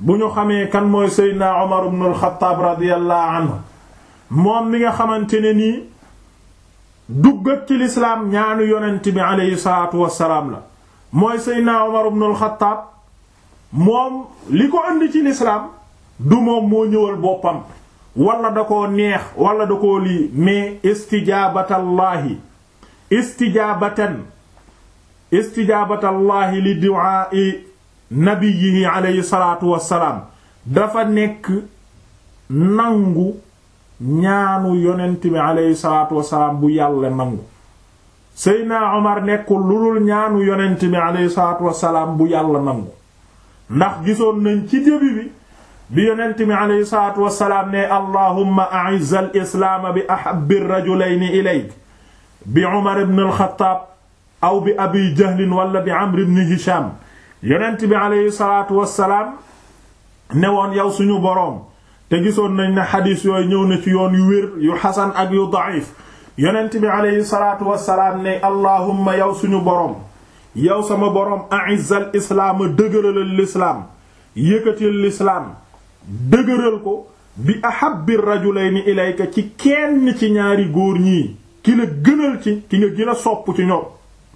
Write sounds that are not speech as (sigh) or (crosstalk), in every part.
bu ñu xamee kan mooy Seydina Omar ibn al-Khattab moom mi nga xamante ne nii dugg ak ci lislaam ñaanu yonent bi aleyhi la mooy Seydina Omar ibn al moom li ko indi ci lislaam du moom moo ñëwal boppam wala da koo neex wala da koo lii mais istijaabatallahi istijaabatan istijaabatallahi li du'aa'i nabiyihi aleyhi salaatu dafa nekk nangu ñaanu yonent bi aleyhi bu yàlla nangu seydna omar nekkul lulul ñaanu yonent bi bu yàlla nangu ndax gisoon nañ ci début bi bi yonent bi aleyhi salaatu wassalaam ne allahumma a'izz al bi ahabbi rajulayni ilayk bi omar ibn al aw bi abi jahlin bi amr hisham yonent bi aleyhi salaatu wassalaam ne woon yow suñu boroom te gisoon nañ ne xadiis yooyu ñëw na ci yoon yu wér yu xasan ak yu daif yonent bi aleyhi salaatu wassalaam ne allahumma yow suñu boroom yow sama boroom a'izzal islaama dëgëralal lislaam yëkkatil lislaam dëgëral ko bi ahabbi rajulayni ilayka ci kenn ci ñaari góor ñii ki la gënal ci ki nga gën a sopp ci ñoom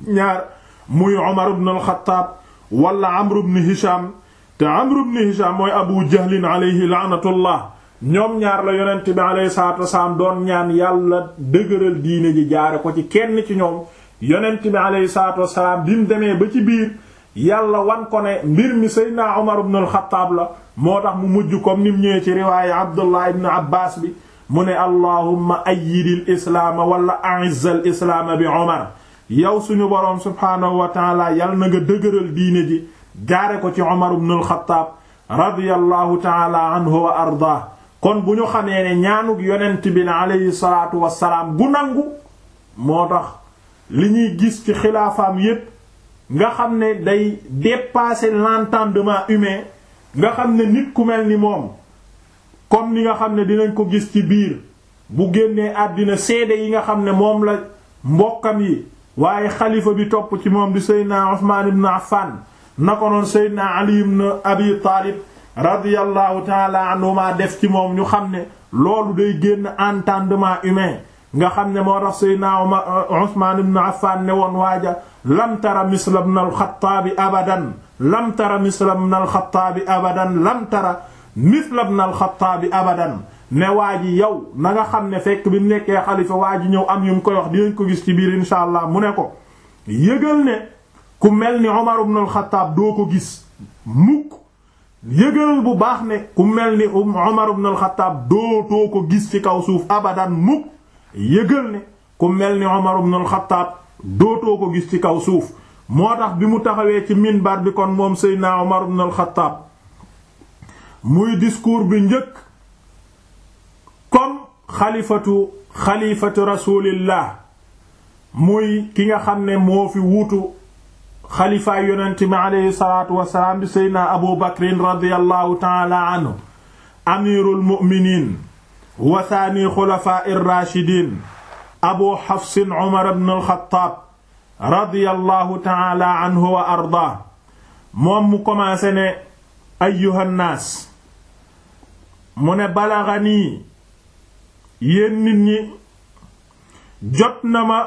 ñaar muy Umar ibn al wala amru bnu hisham te amru bnu hisham mooy abu jahlin alayhi laanatullah ñoom ñaar la yonent bi alayhi salaatu wasalaam doon ñaan yàlla dëgëral diine ji jaare ko ci kenn ci ñoom yonent bi alayhi salaatu wasalaam bi demee ba ci biir yàlla wan ko ne mbir mi seydna umar ibn al la moo tax mu mujj ko ni mu ñëwee ci riwaaye abdullah ibn abbas bi mu ne allahumma ayyidil islaama wala a'izzal islaama bi umar yow suñu boroom subhaanahu wa yal na nga dëgëral diine ji jaare ko ci Umar ibn al-Khattab taala anhu wa kon bu ñu xamee ne ñaanug yonent bi na aleyhi salaatu wassalaam gu nangu moo tax li ñuy gis ci xilaafam yépp nga xam ne day dépasser l'entendement humain nga xam ne nit ku mel ni moom comme ni nga xam ne dinañ ko gis ci biir bu génnee àddina seede yi nga xam ne moom la mbokkam yi waaye xalifa bi topp ci moom di seydna Usmaan ibn Affan Ali ibn Abi Taalib radiyallahu taala anhuma def ci moom ñu xam ne loolu day génn entendement humain nga xam ne moo tax seydna Usmaan euh, ibn waaja lam tara misla ibn al-Xattaab abadan lam tara misla ibn al abadan lam tara misla ibn al abadan ne waa ji yow nanga xam ne fekk bi nekkee xalifa waa ji ñëw am yu mu koy wax dinañ ko gis ci biir insha allah mu ne ko yëgal ne ku mel ni Umar ibn al doo ko gis mukk bu baax ne ku mel ni Umar um ibn al-Khattab gis ci kaw suuf abadan mukk yëgal ne ku mel ni Umar ibn al-Khattab dootoo ko gis ci kaw suuf moo tax bi mu taxawee ci minbar bi kon moom Seydina Umar ibn al-Khattab muy discours bi njëkk comme xalifatu xalifatu rasulillah muy ki nga xam ne moo fi wuutu xalifaay yonent mi aleyhi salaatu wasalaam di seydna abu bakrin radiallahu taala anhu amirul muminin wa thani xulafaa irrachidin abu xafsin umar ibn alxataab radiallahu taala anhu wa arda moom mu commencé ne ayyuhannaas mu ne balaganii yéen nit ñi jot na ma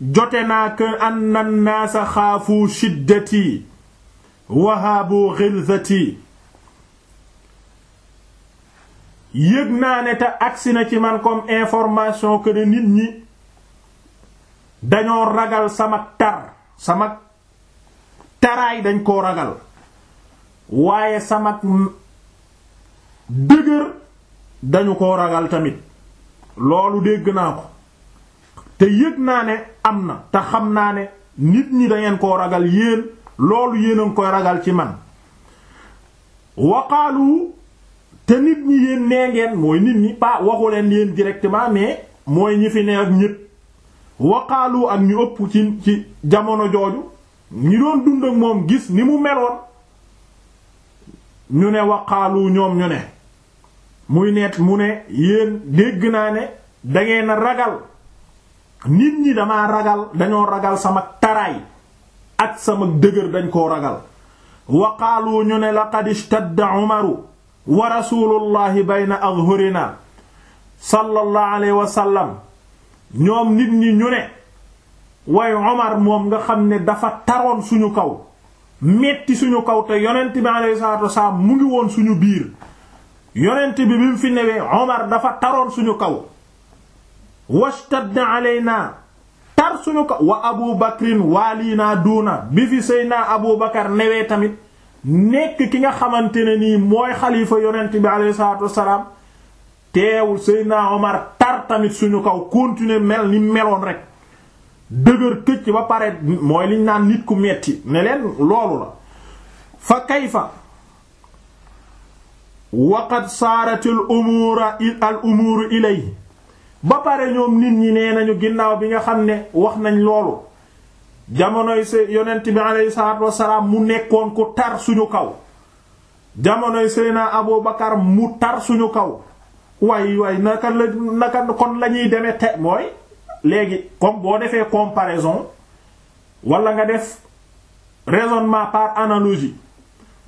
jote naa que ann annaasa xaafu shiddati wahaabu xilzati yëg naa ne te agsi na ci man comme information que ne nit ñi dañoo ragal sama tar taraay dañ koo ragal waaye sama dëgër dañu ko ragal tamit loolu dégg naa ko te yëg naa ne am na te xam naa ne nit ñi dangeen koo ragal yéen loolu yéen a koy ragal ci man waqaalu te nit ñi yéen nee mooy nit ñi pas waxu leen yéen directement mais mooy ñi fi ne ñépp waqaalu ak ñu ëpp ci ci jamono jooju ñi doon dund ak moom gis ni mu meloon ñu ne waqaalu ñoom ñu ne muy neet mu ne yéen dégg naa ne dangeen ragal nit ñi dama ragal dañoo ragal sama taraay ak sama dëgër dañ koo ragal wa ñu ne laqad ishtadda umaru wa rasulullahi bayna adhurina sallallahu alayhi wa sallam ñoom nit ñi ñu ne way omar moom nga xam ne dafa taroon suñu kaw metti suñu kaw te yonent bi alayhi salatu mu ngi woon suñu biir yonent bi bi mu fi newee Omar dafa taroon suñu kaw washtadna alayna tar suñu kaw wa abu bakrin waalina duuna bi fi seyna abu bakar newee tamit nekk ki nga xamante ne nii mooy xalifa yonent bi alayhi salaatu wassalaam teewul seyna Omar tar tamit suñu kaw continuer mel ni meloon rek dëgër këcc ba pare mooy liñ naan nit ku metti ne loolu la fa kayfa wa qad saarat al umuura al umuuru ilayhi ba pare ñoom nit ñi nee nañu ginnaaw bi nga xam ne wax nañ loolu jamonoy se yonent bi aleyhi salaatu wasalaam mu nekkoon ku tar suñu kaw jamonoy Seydina Abu Bakar mu tar suñu kaw waay waay naka kon la ñuy demee te mooy léegi comme boo defee comparaison wala nga def raisonnement par analogie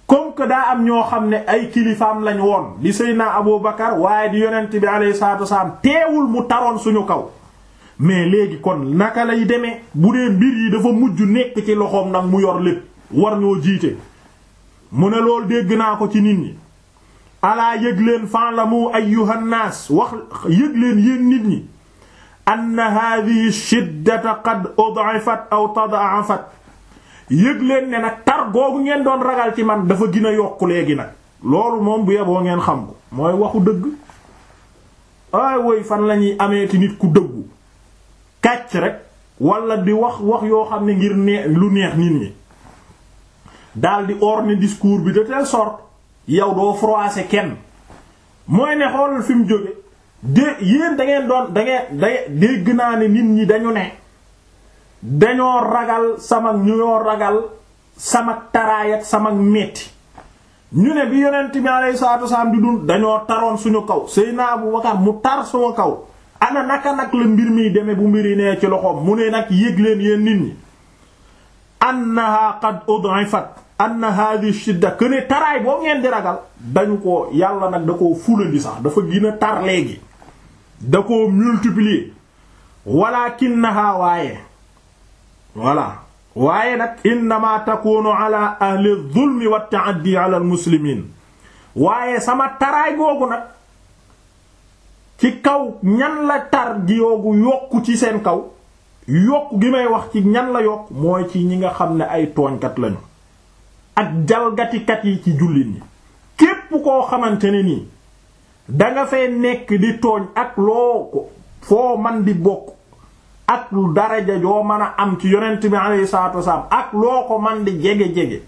comme que daa am ñoo xam ne ay kilifaam lañ woon di Seydina Abu Bakar waaye di yonent bi alayhi salaatu wasalaam teewul mu taroon suñu kaw mais léegi kon naka lay demee bu dee mbir yi dafa mujj nekk ci loxoom nag mu yor lépp war ñoo jiite mu ne loolu dégg naa ko ci nit ñi alaa yëg leen fa'lamu ay naas wax yëg leen yéen nit ñi anna hadhihi shiddata qad ud'ifat aw fat yëg leen ne nag tar googu ngeen doon ragal ci man dafa gën a yokk léegi nag loolu moom bu yeboo ngeen xam ko mooy waxu dëgg ay woy fan lañuy amee ameeti nit ku dëggu kàcc rek wala di wax wax yoo xam ne ngir lu neex nit ñi daal di orner discours bi de telle sorte yow doo froisser kenn mooy ne xoolal fi mu jóge de yéen da doon dégg naa ne nit ñi dañu ne. dañoo ragal sama ñu ñoo ragal sama taraay ak sama metti ñu ne bi yonent bi alayhi salaatu wasalaam di dund dañoo taroon suñu kaw Seydina Abu Bakar mu tar suñu kaw ana naka nag la mbir miy demee bu mbir yi nee ci loxoom mu ne nag yëg leen yéen nit ñi annaha qad ud'ifat anna hadhihi shidda que taraay boo ngeen di ragal dañu ko yàlla nag da koo fulandi sax dafa gën a tar léegi da koo multiplier walakinaha waaye voilà waaye nag innama takunu ala ahli zulmi wa ta'addi al muslimin waaye sama taraay googu nag ci kaw ñan la tar gi yoogu yokku ci seen kaw yokk gi may wax ci ñan la yokk mooy ci ñi nga xam ne ay tooñkat lañu ak jalgatikat yi ci jullit ñi képp koo xamante ni nii danga fay nekk di tooñ ak loo ko foo man di bokk ak lu daraja joo mën a am ci yonent bi alayhi salaatu ak loo ko man di jege-jege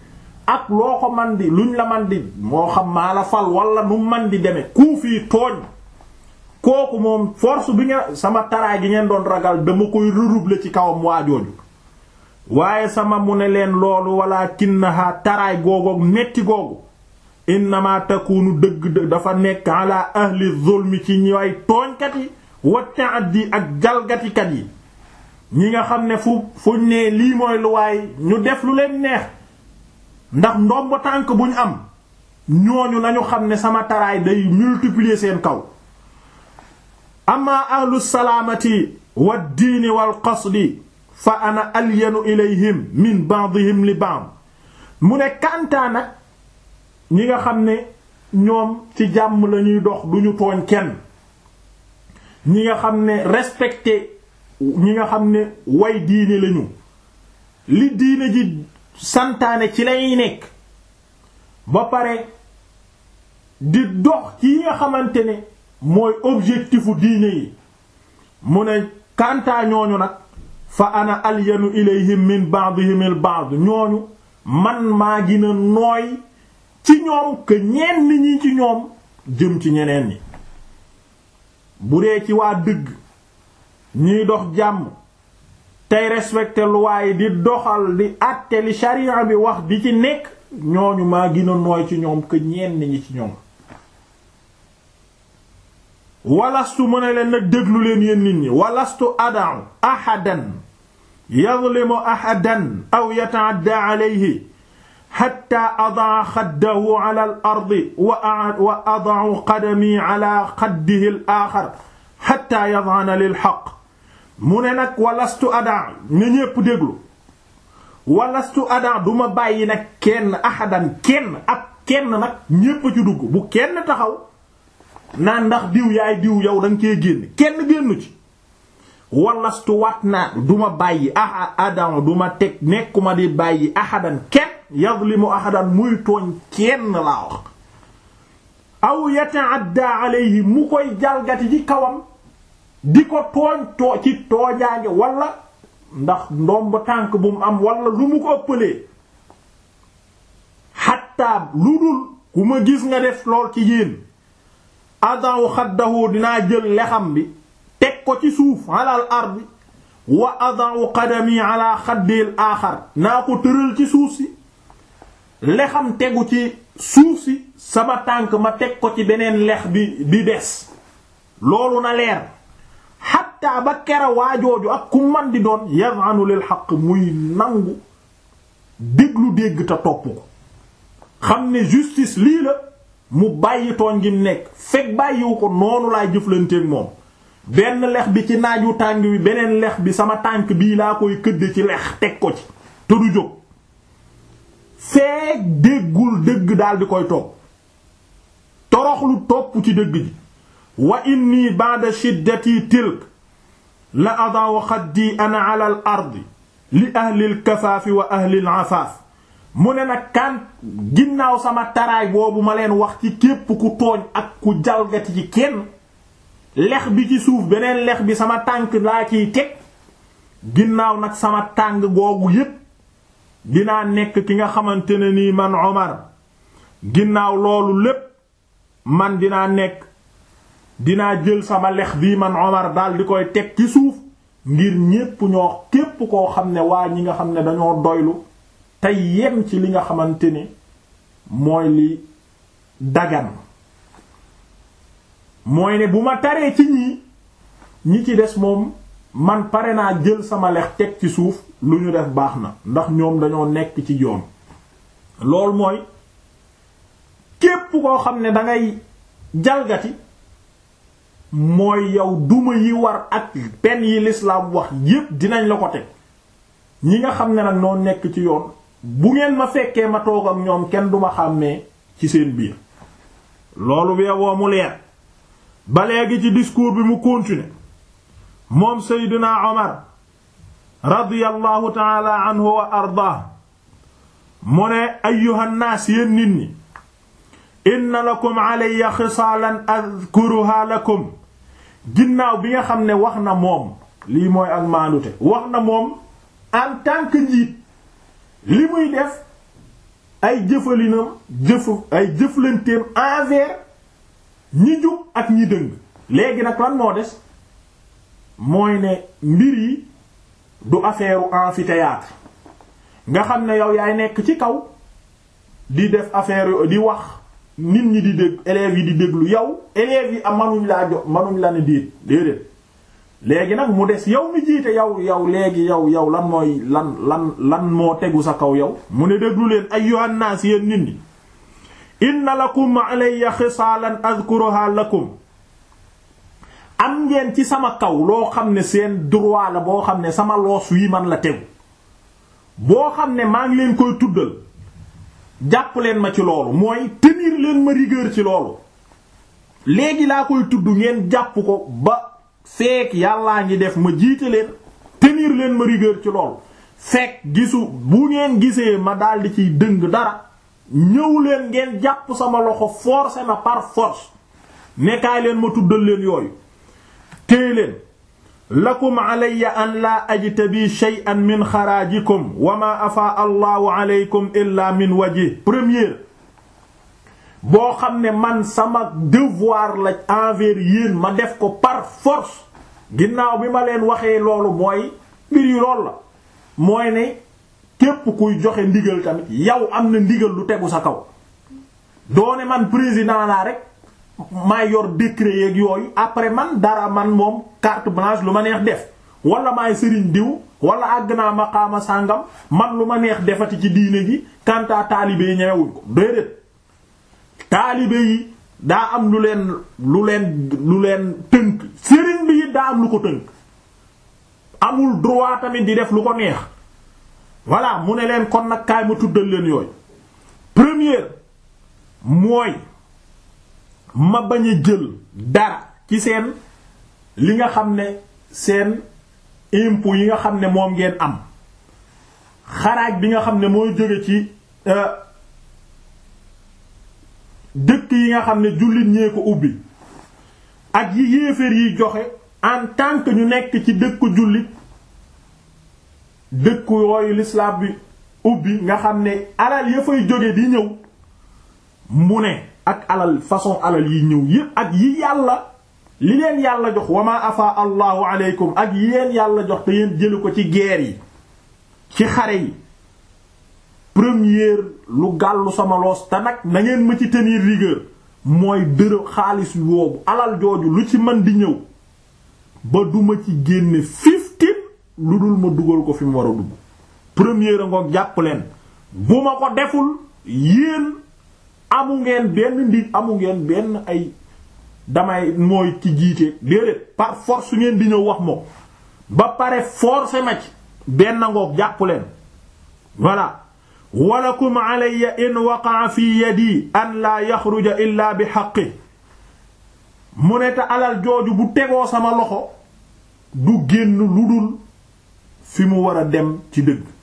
ak loo ko man di luñ la man di moo xam maa la fal wala nu man di deme ku tooñ kooku moom forse bi nga sama taraay gi ngeen doon ragal dama koy redoubler ci kawam waajooju waaye sama mu ne leen loolu wala kinnahaa taraay googoog metti googu innama takunu dëgg dafa nekk ala ahli zulmi ci ñooy tooñkat yi wa ta'addi ak jalgatikat yi ñi nga xam ne fu fuñ ne lii mooy luwaay ñu def lu leen neex ndax ndomb tànk buñ am ñooñu nañu xam ne sama taraay day multiplier seen kaw amma ahlu salaamati wa diini wal qasdi fa ana alyanu ilayhim min ba'dihim li ba'd mu ne kantaa nag ñi nga xam ne ñoom ci jàmm lañuy dox duñu tooñ kenn ñi nga xam ne respecté ñi nga xam ne way diine lañu li diine ji santaane ci lay nekk ba pare di dox ci nga xamante ne mooy objectifu diine yi mu ne kantaa ñooñu nag fa ana alyanu ilayhim min ba'dihim al ba'd ñooñu man maa gën nooy ci ñoom que ñenn ñi ci ñoom jëm ci ñeneen ñi bu dee ci waa dëgg ñuy dox jàmm tey respecté loi yi di doxal di àtte li sharia bi wax di ci nekk ñooñu maa gën a nooy ci ñoom que ñenn ñi ci ñoom walastu mu ne leen nag déglu leen yéen nit ñi walastu ada'u ahadan yadlimu ahadan aw yata'adda alayhi hatta adaa xaddahu ala al ardi wa ada'u qadami ala xaddihi al axar hatta yad'ana lil haqq mu ne nag wallastu adan ne ñépp déglu walastu adan du ma bàyyi nag kenn ahadan kenn ak kenn nag ñépp ci dugg bu kenn taxaw naan ndax diw yaay diw yow da nga cee génn kenn génnu ci walastu waat duma bàyyi aha adan du ma teg nekkuma di bàyyi ahadan kenn yazlimu ahadan muy tooñ kenn laa wax aw yataadda alayhi mu koy jalgati ci kawam di ko tooñ too ci toojaange walla ndax ndomb tànk bu mu am wala lu mu ko ëppalee xatta lu dul ku ma gis nga def lool ci yéen adaw xaddahu dinaa jël lexam bi teg ko ci suuf alal ardi wa adaw qadami ala xaddil aaxar naa ko tëral ci suuf si lexam tegu ci suuf si sama tànk ma teg ko ci beneen lex bi bi des loolu na leer xatta ba kera waajooju ak ku man di doon yazanu xaq muy nangu déglu dégg topp ko xam ne justice lii la mu bàyyi tooñ gi nekk fekk bàyyiwu ko noonu laay jëflanteeg moom benn lex bi ci naaju tàng bi beneen lex bi sama tànk bii laa koy këdd ci lex teg ko ci te du jóg fekk déggul dëgg daal di koy topp toroxlu topp ci dëgg ji wa inni ba'da shiddati tilk la adaawu xaddi ana ala al ardi li ahli al wa ahli al mu ne nag kan ginnaaw sama taraay boobu ma leen wax ci képp ku tooñ ak ku jalgati ci kenn lex bi ci suuf beneen lex bi sama tànk laa ciy teg ginnaaw nag sama tàng googu yépp dinaa nekk ki nga xamante ne nii man Omar ginnaaw loolu lépp man dinaa nekk dinaa jël sama lex bii man Omar daal di koy teg ci suuf ngir ñépp ñoo képp koo xam ne waa ñi nga xam ne dañoo doylu tey yem ci li nga xamante ni mooy li dagan mooy ne bu ma taree ci ñii ñi ci des moom man pare naa jël sama lex teg ci suuf lu ñu def baax na ndax ñoom dañoo nekk ci yoon loolu mooy képp koo xam ne dangay jalgati mooy yow duma yi war ak pen yi lislaam wax yépp dinañ la ko teg ñi nga xam ne nag noo nekk ci yoon bu ngeen ma fekkee ma toog ak ñoom kenn duma xàmmee ci seen biir loolu beewoo mu leer ba léegi ci discours bi mu continuer moom Seydina Omar radiyallahu taala anhu wa ardaa mu ne ayyuhannaas yéen nit ñi inna lakum alayya xisaalan adkuruha lakum ginnaaw bi nga xam ne wax na moom lii mooy ak maandute wax na moom en tant njiit li muy def ay jëfalinam jëf ay jëflanteem envers ñi jub ak ñi dëng léegi nag lan moo des mooy ne mbir yi du affaire u nga xam ne yow yaay nekk ci kaw di def affaire di wax nit ñi di dégg élèves yi di déglu yow élèves yi am manuñ laa jox manuñ la ne déet déedéet léegi nag mu des yow mi jiite yow yow léegi yow yow lan mooy lan lan lan moo tegu sa kaw yow mu ne déglu leen ayyuhan naas yéen nit ñi inna lakum alayya xisaalan adkuruha lakum am ngeen ci sama kaw loo xam ne seen durwaala boo xam ne sama loos wi man la tegu boo xam ne maa ngi leen koy tuddal jàpp leen ma ci loolu mooy tenir leen ma rigueur ci loolu léegi laa koy tudd ngeen jàpp ko ba feek yàllaa ngi def ma jiite leen tenir leen ma rigueur ci loolu fekk gisu bu ngeen gisee ma daldi ciy dëng dara ñëw leen ngeen jàpp sama loxo forcé ma par nekkaay leen ma tuddal leen yooyu téye leen lakum alayya an laa ajtabi shay'an min xaraajikum wa ma afaa allahu alaykum illa min wajhi première boo xam ne man sama devoir la envers yéen ma def ko par force ginnaaw bi ma leen waxee loolu mooy mbir yi loolu la mooy ne képp kuy joxe ndigal tamit yow am na ndigal lu tegu sa kaw doone man président laa rek maa yor décret yeeg yooyu après man dara man moom carte blanche lu ma neex def wala maay sëriñ diw wala àgg naa maqaama sàngam man lu ma neex defati ci diine gi kantaa taalibe yi ñewewuñ ko déedéet taalibe yi daa am lu leen lu leen tënk sëriñ bi daa am lu ko tënk amul droit tamit di def lu ko neex voilà mu ne leen kon nag kaay ma tuddal leen yooyu première mooy ma bañ jël dar ci seen li nga xam ne seen impôt yi nga xam ne moom ngeen am xaraaj bi nga xam ne mooy jóge ci euh, dëkk yi nga xam ne jullit ñee ko ubbi ak yi yéeféer yi joxe en tant ñu nekk ci dëkku jullit dëkk yooyu l'islam bi ubbi nga xam ne alal ya fay jóge di ñëw mu ne ak alal façon alal yi ñëw yépp ak yi yàlla li leen yàlla jox wama afa allahu aleykum ak yi leen yàlla jox te yéen jëli ko ci geer yi ci xare yi première lu gàllu sama loos te nag na ngeen ma ci tenir rigueur mooy dërë xaalis woobu alal jooju lu ci man di ñëw ba duma ci génne fifteen lu dul ma dugal ko fi mu war a dugg première ngoog jàpp bu ma ko deful yéen amu ngeen benn ndig amu ngeen benn ay damay mooy ci jiite déedéet par force su ngeen di ñëw wax moom ba pare forcé ma ci benn ngoog jàpp leen voilà walakum alayya in waqaa fi yadi an laa yaxruja illaa bi xaqi mu ne te alal jooju bu tegoo sama loxo du génn lu dul fi mu war a dem ci dëgg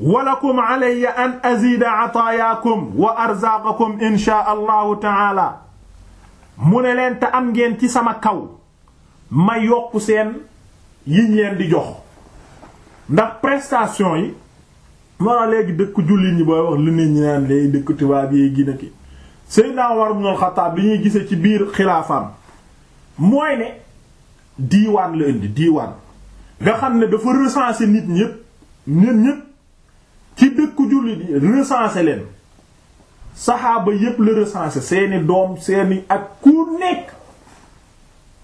walakum alayya an azida ataayakum wa arzaqakum insha allahu mu ne leen te am ngeen ci sama kaw ma yokk seen yiñ leen di jox ndax prestation yi moo léegi dëkk jullit ñi booy wax lu nit ñi naan léegi dëkk tubaab yi gina ki Seydina Umar ibn Xattaab li ñuy gise ci biir xilaafaam mooy ne diiwaan la indi diiwaan nga xam ne dafa recenser nit ñépp nit ñépp ci dëkku jullit yi recensé leen saxaaba yépp la recensé seeni doom seeni ak ku nekk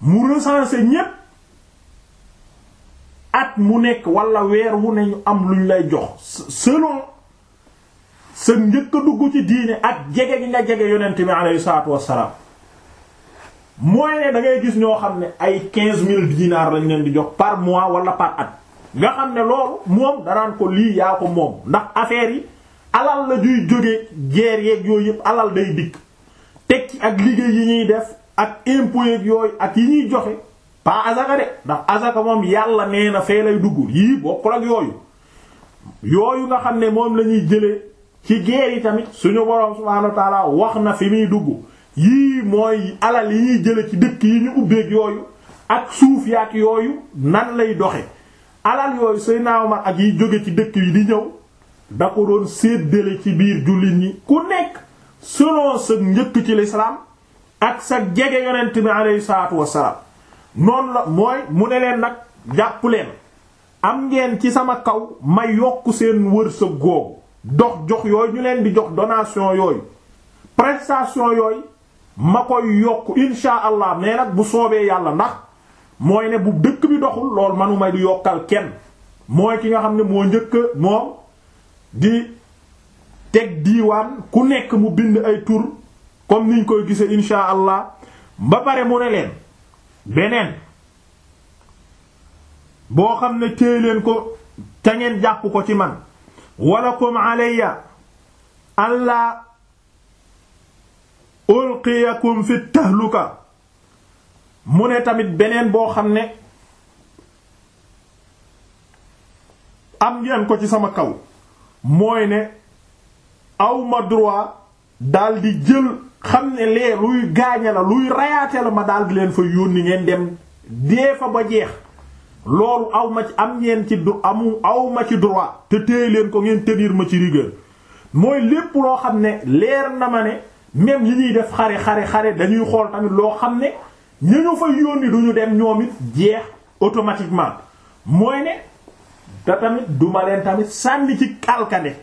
mu recensé ñépp at mu nekk walla weer wu ne ñu am luñ lay jox selon sa njëkk a dugg ci diine ak jege gi nga jege yonent bi aleyhi salaatu wassalaam mooy ne da gis ñoo xam ne ay quinze mille dinars lañ leen di jox par mois wala par at nga xam ne loolu moom danaan ko lii yaa ko moom ndax affaire yi alal la juy jógee guerre yooyu yëpp alal day dikk teg ci ak liggéey yi ñuy def ak impôts yooyu ak yi ñuy joxe pas azaka de ndax azaka moom yàlla nee na fee lay dugg yii bokkul ak yooyu yooyu nga xam ne moom lañuy ñuy jëlee ci guerre yi tamit suñu borom subhaanahu wax na fi muy dugg yii mooy alal yi ñuy jëlee ci dëkk yi ñu ubbeeg yooyu ak suuf yaak yooyu nan lay doxe alal yooyu Seydina Omar ak yi jóge ci dëkk yi di ñëw da ko doon séddale ci biir jullit ñi ku nekk selon sa njëkk ci l'islam ak sa jege yonent bi aleyhi salaatu wassalaam noonu la mooy mu ne leen nag jàppu leen am ngeen ci sama kaw ma yokk seen wërsëg googu dox jox yooyu ñu leen di jox donation yooyu prestation yooyu ma koy yokk insha allah mais nag bu soobee yàlla ndax mooy ne bu dëkk bi doxul lool manuma du yokkal kenn mooy ki nga xam ne moo njëkk moo di teg diiwaan ku nekk mu bind ay tur comme niñ koy gisee insha allah ba pare mu ne leen beneen boo xam ne téye ko ca ngeen jàpp ko ci man walakum alayya allah ulqiyakum fi tahluka mu ne tamit beneen boo xam ne am ngeen ko ci sama kaw mooy ne awma droit daal di jël xam ne lee luy gaañe la luy rayaate la ma daal di leen fa yónni ngeen dem dee fa ba jeex loolu awma ci am ngeen ci amu aw ma ci droit te téye leen ko ngeen tenir ma ci rigueur mooy lépp loo xam ne leer na ma ne même yi ñuy def xare xare xare dañuy xool tamit loo xam ne ñu ñu fa yónni du ñu dem ñoom it jeex automatiquement mooy ne te tamit du ma leen tamit sànni ci alkande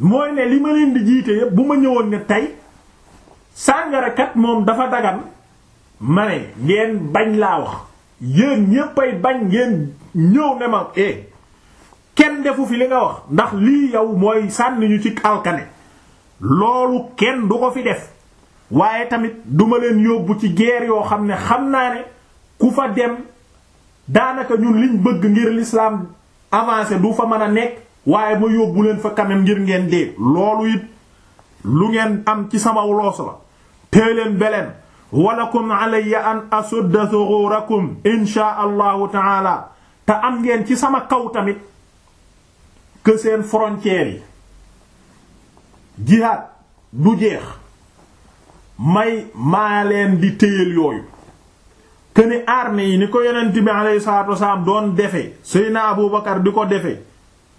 mooy ne li ma leen di jiite yëpp bu ma ñëwoon ne tey sàngarakat moom dafa dagan ma ne ngeen bañ laa wax yéen ñéppay bañ ngeen ñëw ne ma eh kenn defu fi li nga wax ndax lii yow mooy sànni ñu ci alkande loolu kenn du ko fi def waaye tamit duma leen yóbbu ci guerre yoo xam ne xam naa ne ku fa dem daanaka ñun liñ bëgg ngir l'islam avancé du fa mën a nekk waaye ma yóbbu leen fa quand ngir ngeen dee loolu it lu ngeen am ci sama loos la tée leen beleen walakum alayya an asudda sughurakum insha allahu taala te am ngeen ci sama kaw tamit que seen frontières yi jihaad du jeex may maa leen di téyel yooyu këni armée yi ni ko yonent bi alayhi salaatu doon defe Seydina Abu Bakar di ko defe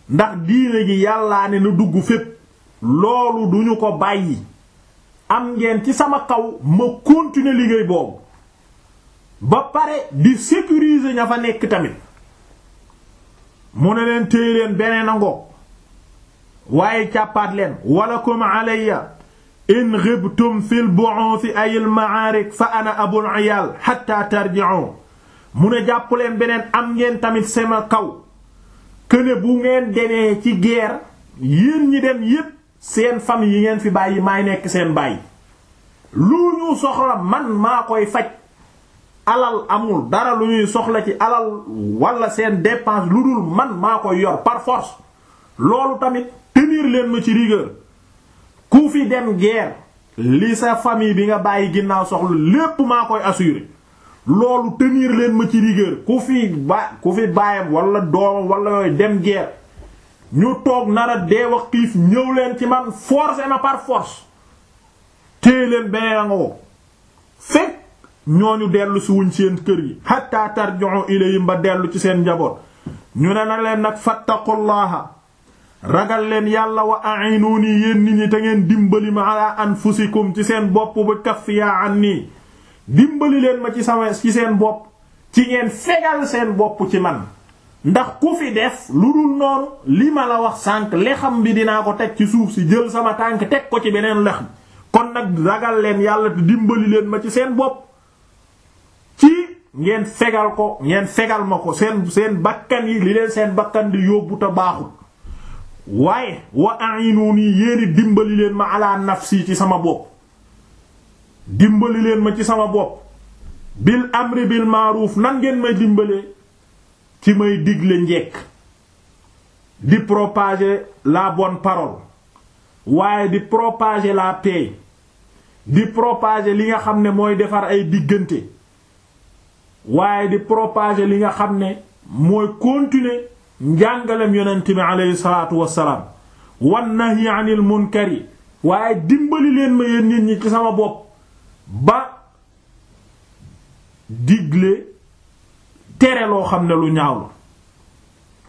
ndax diine gi yàllaa ne na dugg fépp loolu duñu ko bàyyi am ngeen ci sama kaw ma continuer liggéey boobu ba pare di sécuriser ña fa nekk tamit mu ne leen téye leen beneen a ngoog waaye càppaat leen walakum alayya in ghibtum fil bu'uth ay al ma'arik fa ana abul ayal hatta tarji'u mu ne jàpp leen beneen am ngeen tamit sema kaw këne bu ngeen demee ci guerre yéen ñi dem yépp seen famille yi ngeen fi bàyyi maay nekk seen bàyyi lu ñu soxla man maa koy faj alal amul dara lu ñuy soxla ci alal wala seen dépense lu dul man maa koy yor par loolu tamit tenir leen ma ci rigueur ku fi dem guerre li sa famille bi nga bàyyi ginnaaw soxla lépp maa koy assurer loolu tenir leen ma ci rigueur ku fi ba ku fi doomam wala yooyu dem guerre ñu toog nara dee wax xiif ñëw leen ci man forcer ma par force téye leen beneen nga ko fekk ñooñu dellu si seen kër yi hatta tarju'u yi ba dellu ci seen njaboot ñu ne na leen nag fattaqullaha ragal leen yàlla wa a'inuuni yéen nit ñi te ngeen dimbali ma ala anfusikum ci seen bopp ba an anni dimbali leen ma ci sama ci seen bopp ci ngeen fegal seen bopp ci man ndax ku fi def lu dul noonu li ma la wax sànq lexam bi dinaa ko teg ci suuf si jël sama tànk teg ko ci beneen lex kon nag ragal leen yàlla te dimbali leen ma ci seen bopp ci ngeen fegal ko ngeen fegal ma ko seen seen bakkan yi li leen seen bakkan di yóbbu te baaxul waaye wa a'inuni yéeni dimbali leen ma ala si ci sama bopp dimbali leen ma ci sama bopp bil amri bil ma'ruf nan ngeen may dimbale ci may digle njekk di propager la bonne parole waaye di propager la paix di propager li nga xam ne mooy defar ay diggante waaye di propager li nga xam ne mooy continuer njàngalem yonent bi aleyhi salaatu wassalaam wan nahyi anil munkari waaye dimbali leen ma yéen nit ñi ci sama bopp ba digle tere loo xam ne lu ñaaw la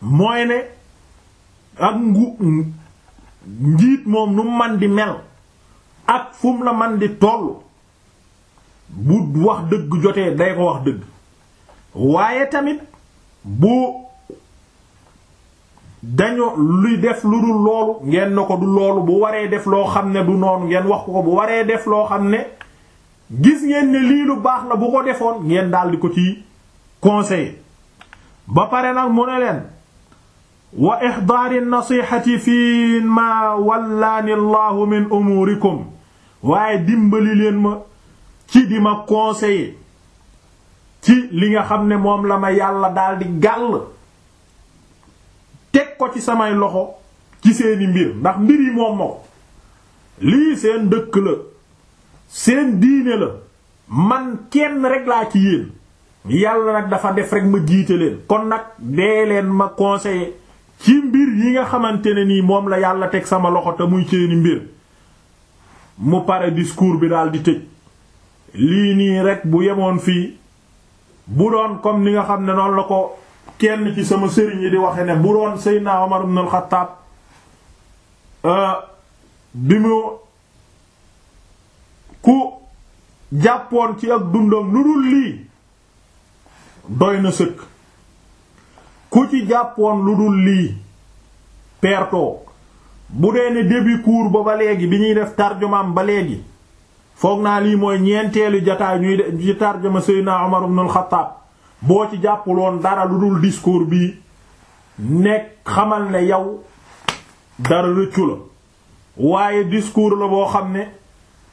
mooy ne ak ngu njiit moom nu man di mel ak fu la man di toll bu wax dëgg jotee day ko wax dëgg waaye tamit bu dañu luy def lu dul loolu ngeen na ko du loolu bu waree def loo xam ne du noonu ngeen wax ko bu waree def loo xam ne gis ngeen ne lii lu baax la bu ko defoon ngeen daldi ko ci conseiller ba pare nag mu ne leen wa ixdaari nasixati fii ma wallaani allahu min umuurikum waaye dimbali leen ma ci di ma conseiller ci li nga xam ne moom la ma yàlla daldi gàll teg ko ci samay loxo ci seeni mbir ndax mbir yi moom moom lii seen dëkk la seen diine la man kenn rek laa ci yéen yàlla nag dafa def rek ma jiite leen kon nag dee leen ma conseiller ci mbir yi nga xamante ne nii moom la yàlla teg sama loxo te muy seeni mbir mu pare discours bi daal di tëj lii nii rek bu yemoon fii bu doon comme ni nga xam ne noonu la ko kenn ci sama sëriñ yi di waxe ne bu doon Seydina Omar ibn al euh, bi mu ku jàppoon ci ak dundam lu dul lii doy na sëkk ku ci jàppoon lu dul lii perto bu dee ne début cours ba ba léegi bi ñuy def tarjumaam ba léegi foog naa lii mooy ñeenteelu jataay ñuy def ci tarjuma Seydina Omar ibn al boo ci jàppuloon dara lu dul discours bi nekk xamal ne yow dara rëccu la waaye discours la boo xam ne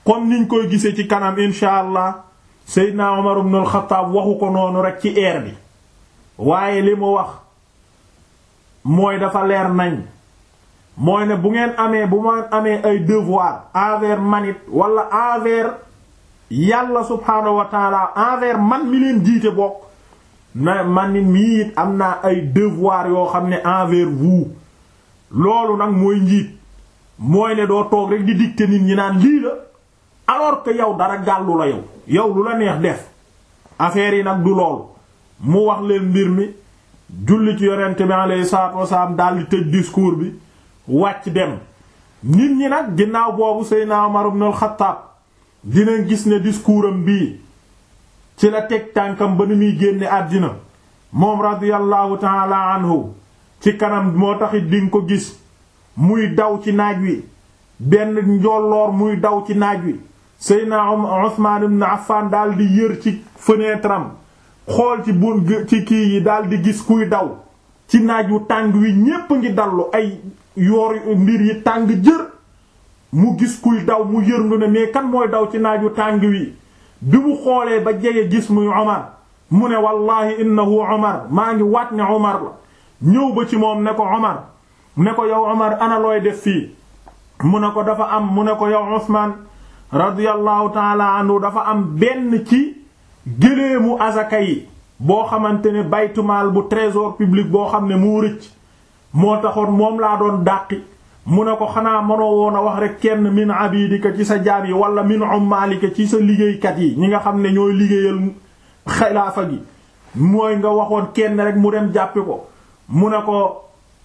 comme niñ koy gisee ci kanam incha allah Seydina Omar ibn al-Khattab waxu ko noonu rek ci air bi waaye li mu wax mooy dafa leer nañ mooy ne bu ngeen amee bu ma amee ay devoir envers manit wala envers yàlla subhaanahu wa taala man mi leen jiite bokk ma man mii it am na ay devoir yoo xam ne envers vous loolu nag mooy njiit mooy ne doo toog rek di dicter nit ñi naan lii la alors que yow dara gàllu la yow yow lu la neex def affaire yi nag du loolu mu wax leen mbir mi julli ci yonent bi alayhi salaatu wasalaam daal di tëj discours bi wàcc dem nit ñi nag ginnaaw boobu Seydina Umar ibn al-Khattab dinañ gis ne discours am bii ci la teg tànkam ba nu muy génne àddina moom radiyallahu taala anhu ci kanam moo taxit dinga ko gis muy daw ci naaj wi benn njolloor muy daw ci naaj wi Seydina Usmaan ibn Affaan daal di yër ci fenêtre xool ci bun ci kii yi daal gis kuy daw ci naaj wu tàng wi ñépp ngi dallu ay yoor mbir yi tàng jër mu gis kuy daw mu yërndu ne mais kan mooy daw ci naaj wu tàng wi bi mu xoolee ba jege gis muy Omar mu ne wallahi innahu Omar maa ngi waat ne Omar la ñëw ba ci moom ne ko Omar ne ko yow Omar ana looy def fii mu ne ko dafa am mu ne ko yow Usmaan radiyallahu taala anhu dafa am benn ci géléemu azaka yi boo xamante ne baytumaal bu trésor public boo xam ne mu rëcc moo taxoon moom laa doon dàqi mu ne ko xanaa mënoo woon a wax rek kenn min abidika ci sa jaam yi wala min ummalika ci sa liggéeykat yi ñi nga xam ne ñooy liggéeyal xilaafa gi mooy nga waxoon kenn rek mu dem jàppi ko mu ne ko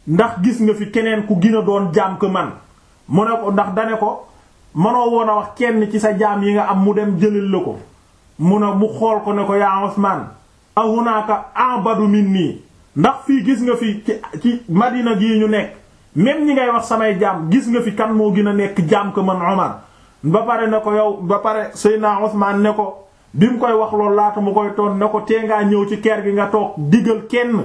ndax gis nga fi keneen ku gën doon jaam mu ne ko ndax dane ko mënoo woon a wax kenn ci sa jaam yi nga am mu dem jëlal la ko mu ne mu xool ko ne ko yaa Usmaan ahunaaka abadu min nii ndax fii gis nga fi ci ci Madina gii ñu nekk même ñi ngay wax samay jaam gis nga fi kan moo gën a nekk jaam ko man Omar ba pare na ko yow ba pare Seydina Ousmane ne ko bi mu koy wax loolu laata mu koy toon ne ko tee ngaa ñëw ci kër gi nga toog digal kenn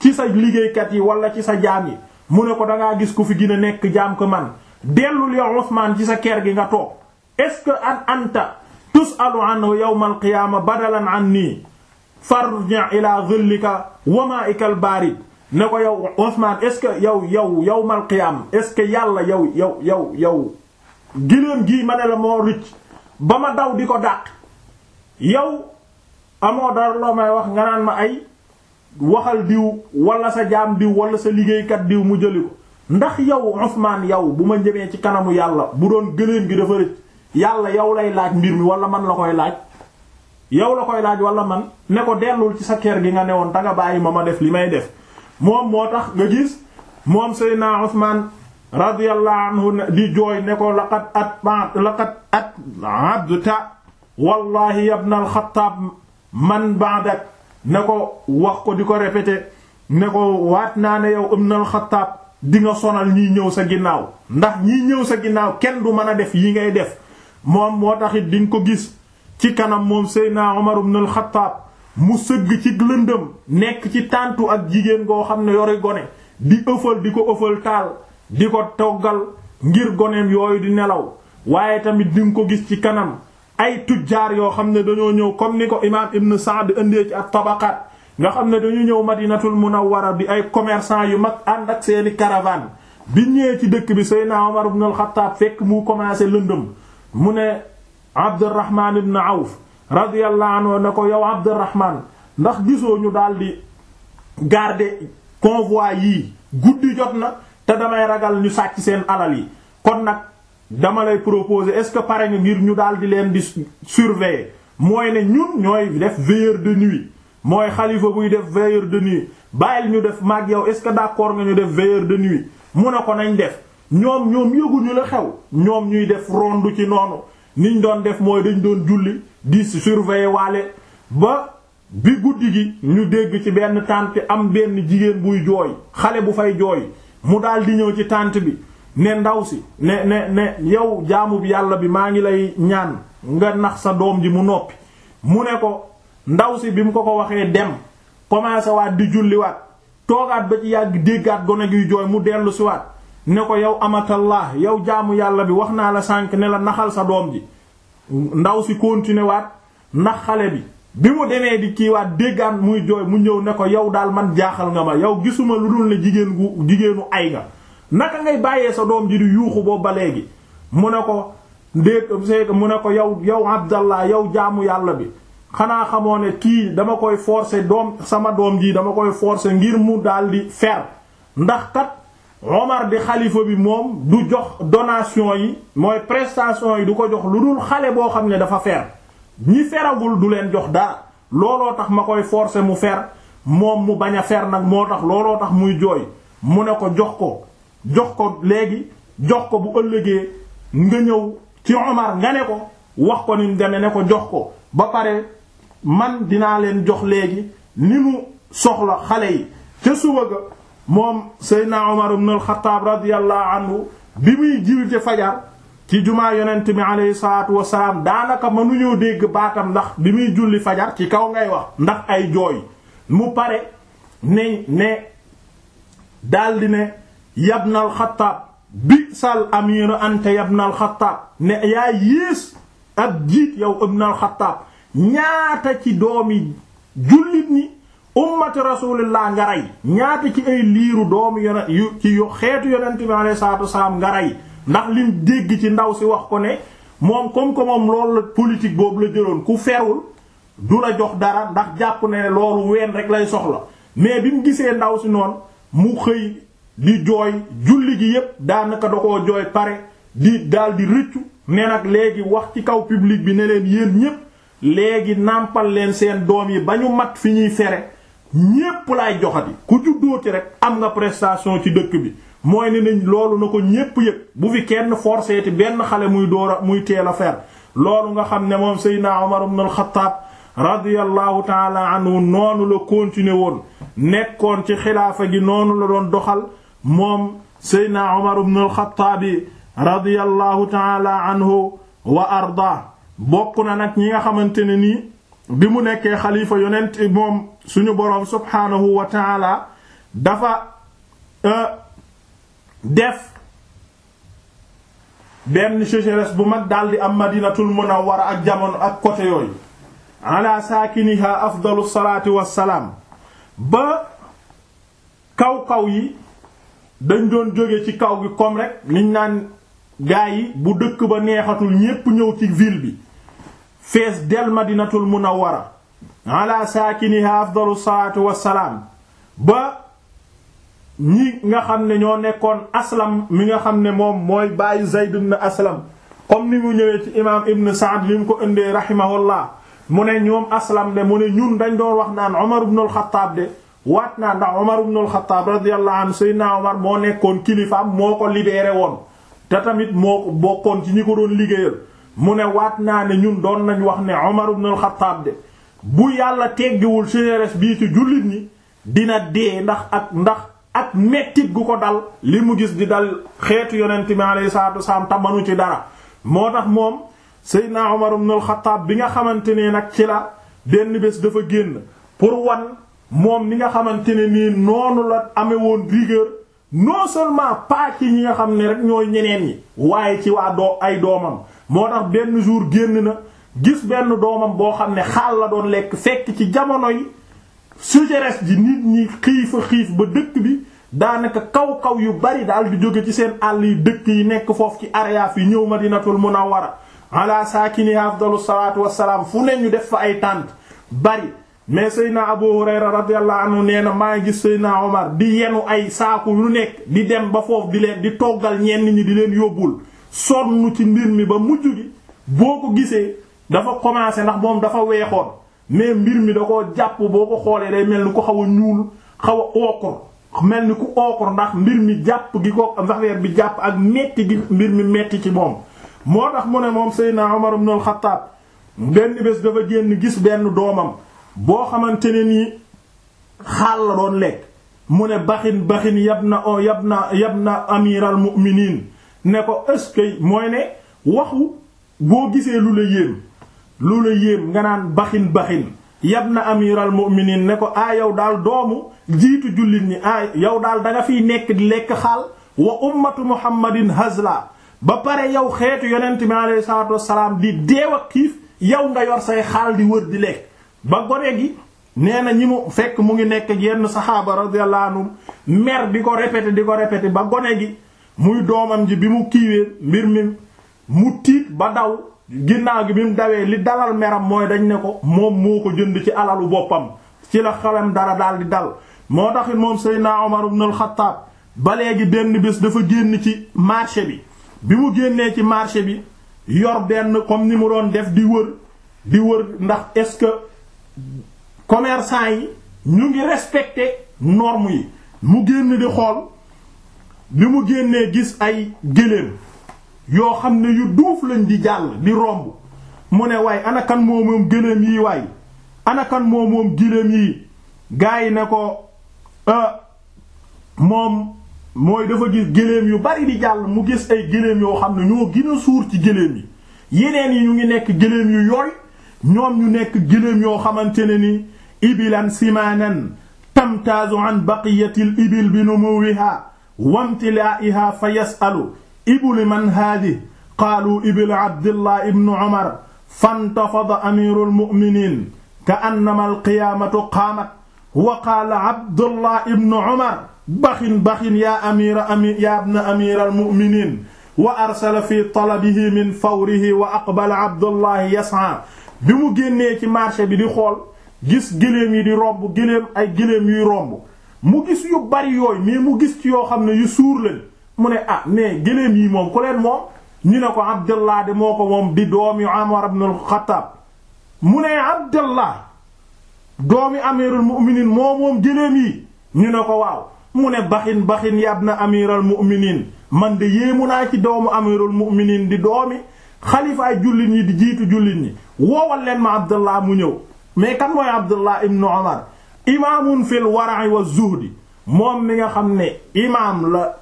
ci sa liggéeykat yi wala ci sa jaam yi mu ne ko dangaa gis ku fi gën a nekk jaam ko man dellul yow Ousmane ci sa kër gi nga toog est-ce que an anta tus'alu anhu yawmal qiyaama badalan anni farji' ila dhillika wa ma'ikal barid ne ko yow Ousmane est-ce que yow yow yawmal qiyaam est-ce que yàlla yow yow yow yow giléem gii ma ne la moo rëcc ba ma daw di ko dàq yow amoo dara loo may wax nga naan ma ay waxal diw wala sa jaam diw wala sa liggéeykat diw mu jëli ko ndax yow Ousmane yow bu ma njëmee ci kanamu yàlla bu doon gëléem gi dafa rëcc yàlla yow lay laaj mbir mi wala man la koy laaj yow la koy laaj wala man ne ko dellul ci sa kër gi nga newoon danga bàyyi ma ma def li may def moom moo tax nga gis moom Seydina Usmaan radiyallahu anhu di jooy ne ko laqad at laqad at abdta wallahi ibn al-Khattab man ba'dak ne ko wax ko di ko répété ne ko waat naa ne yow ibn al-Khattab di nga sonal ñiy ñëw sa ginnaaw ndax ñiy ñëw sa ginnaaw kenn du mën a def yi ngay def moom moo taxit di ko gis ci kanam moom Seydina Umar ibn al-Khattab mu sëgg ci lëndëm nekk ci tàntu ak jigéen goo xam ne yore gone di ëfal di ko ëfal taal di ko toggal ngir goneem yooyu di nelaw waaye tamit di ko gis ci kanam ay tujjaar yoo xam ne dañoo ñëw comme ni ko imaam Ibn Sa'd indee ci ak tabaqaat nga xam ne dañu ñëw Madinatul Munawwara bi ay commerçant yu mag ànd ak seeni caravane bi ñëwee ci dëkk bi Seydina Omar ibn al-Khattab fekk mu commencé lëndëm mu ne Abdurrahman na Awf radiyallahu anhu ne ko yow Abdurrahman ndax gisoo ñu daal di garder convoi yii guddi jot na te damay ragal ñu sàcc seen alal yi kon nag dama lay proposé est-ce que pare nga ngir ñu daal di leen di surveiller mooy ne ñun ñooy def veilleur de nuit mooy xalifa buy def veilleur de nuit bàyyil ñu def maag yow est-ce que d'accord nga ñu def veilleur de nuit mu ne ko nañ def ñoom ñoom yëguñu la xew ñoom ñuy def rondu ci noonu niñ doon def mooy dañ doon julli di surveiller waale ba bi guddi gi ñu dégg ci benn tànt am benn jigéen buy jooy xale bu fay jooy mu daal di ñëw ci tànt bi ne ndaw si ne ne ne yow jaamu yàlla bi maa ngi lay ñaan nga nax sa doom ji mu noppi mu ne ko ndaw si bi mu ko ko waxee dem commencé waat di julliwaat toogaat ba ci yàgg déggaat gone guy jooy mu dellu si ne ko yow amatallah yow jaamu yàlla bi wax naa la sànq ne la naxal sa doom ji ndaw si continuer waat nax xale bi bi mu demee di kiiwaat déggaan muy jooy mu ñëw ne ko yow daal man jaaxal nga ma yow gisuma lu dul ne jigéen gu jigéenu ay nga naka ngay bàyyee sa doom ji di yuuxu boobu ba léegi mu ne ko ndéeg mu ne ko yow yow abdallah yow jaamu yàlla bi xanaa xamoo ne kii dama koy forcer doom sama doom ji dama koy forcer ngir mu daal di fer ndax kat Omar di xalifa bi moom du jox donation yi mooy prestation yi du ko jox lu dul xale boo xam ne dafa fer ñi feragul du leen jox dara looloo tax ma koy forcer mu fer moom mu bañ a fer nag moo tax looloo tax muy jooy mu ne ko jox ko jox ko léegi jox ko bu ëllëgee nga ñëw ci Omar nga ne ko wax ko ni mu ne ko jox ko ba pare man dinaa leen jox léegi ni mu soxla xale yi ca suba ga moom Seydina Umar ibn al-Khattab bi muy jiw ci fajar ci jumaa yonent mi alayhi salaatu wasalaam daanaka mënuñoo dégg baatam ndax bi muy julli fajar ci kaw ngay wax ndax ay jooy mu pare ne ne daldi ne yabna al-Khattab bi sal amiru anta yabna al-Khattab ne yaa yées ab jiit yow ibn al-Khattab ñaata ci doomi jullit ñi ummati rasulillah nga rey ñaata ci ay liiru doomu yonent yu ci yu xeetu yonent bi alayhi salaatu nga rey ndax lim dégg ci ndaw si wax ko ne moom comme que loolu la politique boobu la jëloon ku ferul du la jox dara ndax jàpp ne loolu ween rek lay soxla mais bi mu gisee ndaw si noon mu xëy di jooy julli gi yépp daanaka da ko jooy pare di daal di rëccu ne nag léegi wax ci kaw public bi ne leen yéen ñépp léegi nàmpal leen seen doom yi ba ñu mat fi ñuy fere ñépp laay joxati ku juddooti rek am nga prestation ci dëkk bi mooy ne nañ loolu na ko ñépp yëg bu fi kenn forcé benn xale muy door muy teel a fer loolu nga xam ne moom Seydina Omar ibn al-Khattab radiyallahu taala anhu noonu la continuer woon nekkoon ci xilaafa gi noonu la doon doxal moom Seydina Omar ibn al-Khattab radiyallahu taala anhu wa arda bokk na nag ñi nga xamante ne nii bi mu nekkee xalifa yonent moom suñu boroom subhaanahu wa taala dafa euh, def benn sécheresse bu mag daldi am madinatul munawwara ak jamono ak côté yooyu ala saakiniha afdalu salaati wassalaam ba kaw kaw yi dañ doon jóge ci kaw gi comme rek liñ naan gaa yi bu dëkk ba neexatul ñépp ñëw ci ville bi fees del madinatul munawwara ala saakiniha afdalu salaatu wassalaam ba ñi nga xam ne ñoo nekkoon aslam mi nga xam ne moom mooy bàyyi zayd aslam comme ni mu ñëwee ci imaam ibn saad li mu ko indee rahimahullah mu ne ñoom aslam de mu ne ñun dañ doon wax naan omar ibn de waat naa ndax omar ibn al-Khattab radiyallahu anhu sayyidina moo nekkoon kilifaam moo ko libéré woon te tamit moo bokkoon ci ñi ko doon liggéeyal mu ne waat naa ne ñun doon nañ wax ne Umar ibn al de bu yàlla teggiwul séeréer bii ci jullit ñi dina dee ndax ak ndax ak mettit gu ko dal li mu gis di dal xeet yonent mi alayhi salaatu wasalaam ta ci dara moo tax moom Seydina Umar ibn al-Khattab bi nga xamante ne nag ci la benn bés dafa génn pour wan moom ni nga xamante ne nii noonu la amee woon rigueur non seulement pas ci ñi nga xam ne rek ñooy ñeneen ñi waaye ci waa doo ay doomam moo tax benn jour génn na gis benn doomam boo xam ne xaal la doon lekk fekk ci jamono yi sécheresse ji nit ñi xiifa xiif ba dëkk bi daanaka kaw kaw yu bari daal di jóge ci seen àll yi dëkk yi nekk foofu ci ariyaaf yi ñëw ma madinatul munawwara ala saakini afdalu salaatu wassalaam fu ne ñu def fa ay tànt bari mais Seydina Abu Hurayra radiyallahu anhu nee na maa ngi gis Seydina Omar di yenu ay saaku yu nekk di dem ba foofu di leen di toggal ñenn ñi di leen yóbbul sonn ci mbir mi ba mujj gi boo ko gisee dafa commencé ndax moom dafa weexoon mais mbir mi da ko jàpp boo ko xoolee day mel ni ko xaw ñuul xaw a ookor mel ni ku ookor ndax mbir mi jàpp gi ko affaire bi jàpp ak metti gi mbir mi metti ci moom moo tax mu ne moom Seydina Omar ibn al-Khattab benn bés dafa génn gis benn doomam boo xamante ne nii xaal la doon lekk mu ne baxin baxin yab na o oh, yab na yab na amiral mu'minin ne ko est-ce mooy ne waxu boo gisee lu la yéem lu la yéem nga naan baxin baxin yab na amiral mu'minin ne ko ah yow daal doomu jiitu jullit ni ah yow daal da nga fiy nekk di lekk xaal wa ummatu muhammadin hazla ba pare yow xeetu yonent bi alayhi salaatu wassalaam di deew ak yow nga yor say xaal di wër di lekk ba gore gi nee na ñi mu fekk mu ngi nekk yenn saxaaba radiyallahu anhu mer di ko répété di ko répété ba gone gi muy doomam ji bi mu kiiwee mbir mi mu tiit ba daw ginnaaw gi bi mu dawee li dalal meram mooy dañ ne ko moom moo ko jënd ci alalu boppam ci la xalam dara daal di dal moo taxit moom Seydina Omar ibn al ba léegi benn bés dafa génn ci marché bi bi mu génnee ci marché bi yor benn comme ni mu doon def di wër di wër ndax est-ce que commerçant yi ñu ngi respecter norme yi mu génn di xool bi mu génnee gis ay géléem yoo xam ne yu duuf lañ di jàll di romb mu ne waay anakan moo moom géléem yi waay anakan moo géléem yi gaa ne ko ah, moom mooy dafa gis géléem yu bari di jàll mu gis ay géléem yoo xam ne ñoo gën suur ci géléem yi yeneen yi ñu ngi nekk géléem yu yooy ñoom ñu nekk gëléem yoo xamante ne ni ibilan simaanan tamtaazu an baqiyatil ibil bi numuwiha wamtilaa'iha fa yasalu ibuli man haadi qaalu iblu abdillah ibnu omar fantafada amiru almuminin ka annama alqiyaamatu qaamat wa qaala abdullah ibnu omar baxin baxin yaa amira ami yaa bna amira almuminin wa arsala fi talabihi min fawrihi wa aqbala abdullahi yas'a bi mu génnee ci marché bi di xool gis gëléem yi di romb gëléem ay gëléem yuy romb mu gis yu bari yooyu mais mu gis ci yoo xam ne yu suur lañ mu ne ah mais gëléem yi moom ku leen moom ñu ne ko Abdallah de moo ko moom di doomi Umar ibn al mu ne Abdallah doomi amirul mu'minin moo moom gëléem yi ñu ne ko waaw mu ne baxin baxin yab na amiral mu'minin man de yéemu naa ci doomu amirul mu'minin di doomi xalifaay jullit ñi di jiitu jullit ñi woowal leen ma abdullah mu ñëw mais kan mooy abdullah ibnu omar imaamun fil wara'i wa zuhdi moom mi nga xam ne imaam la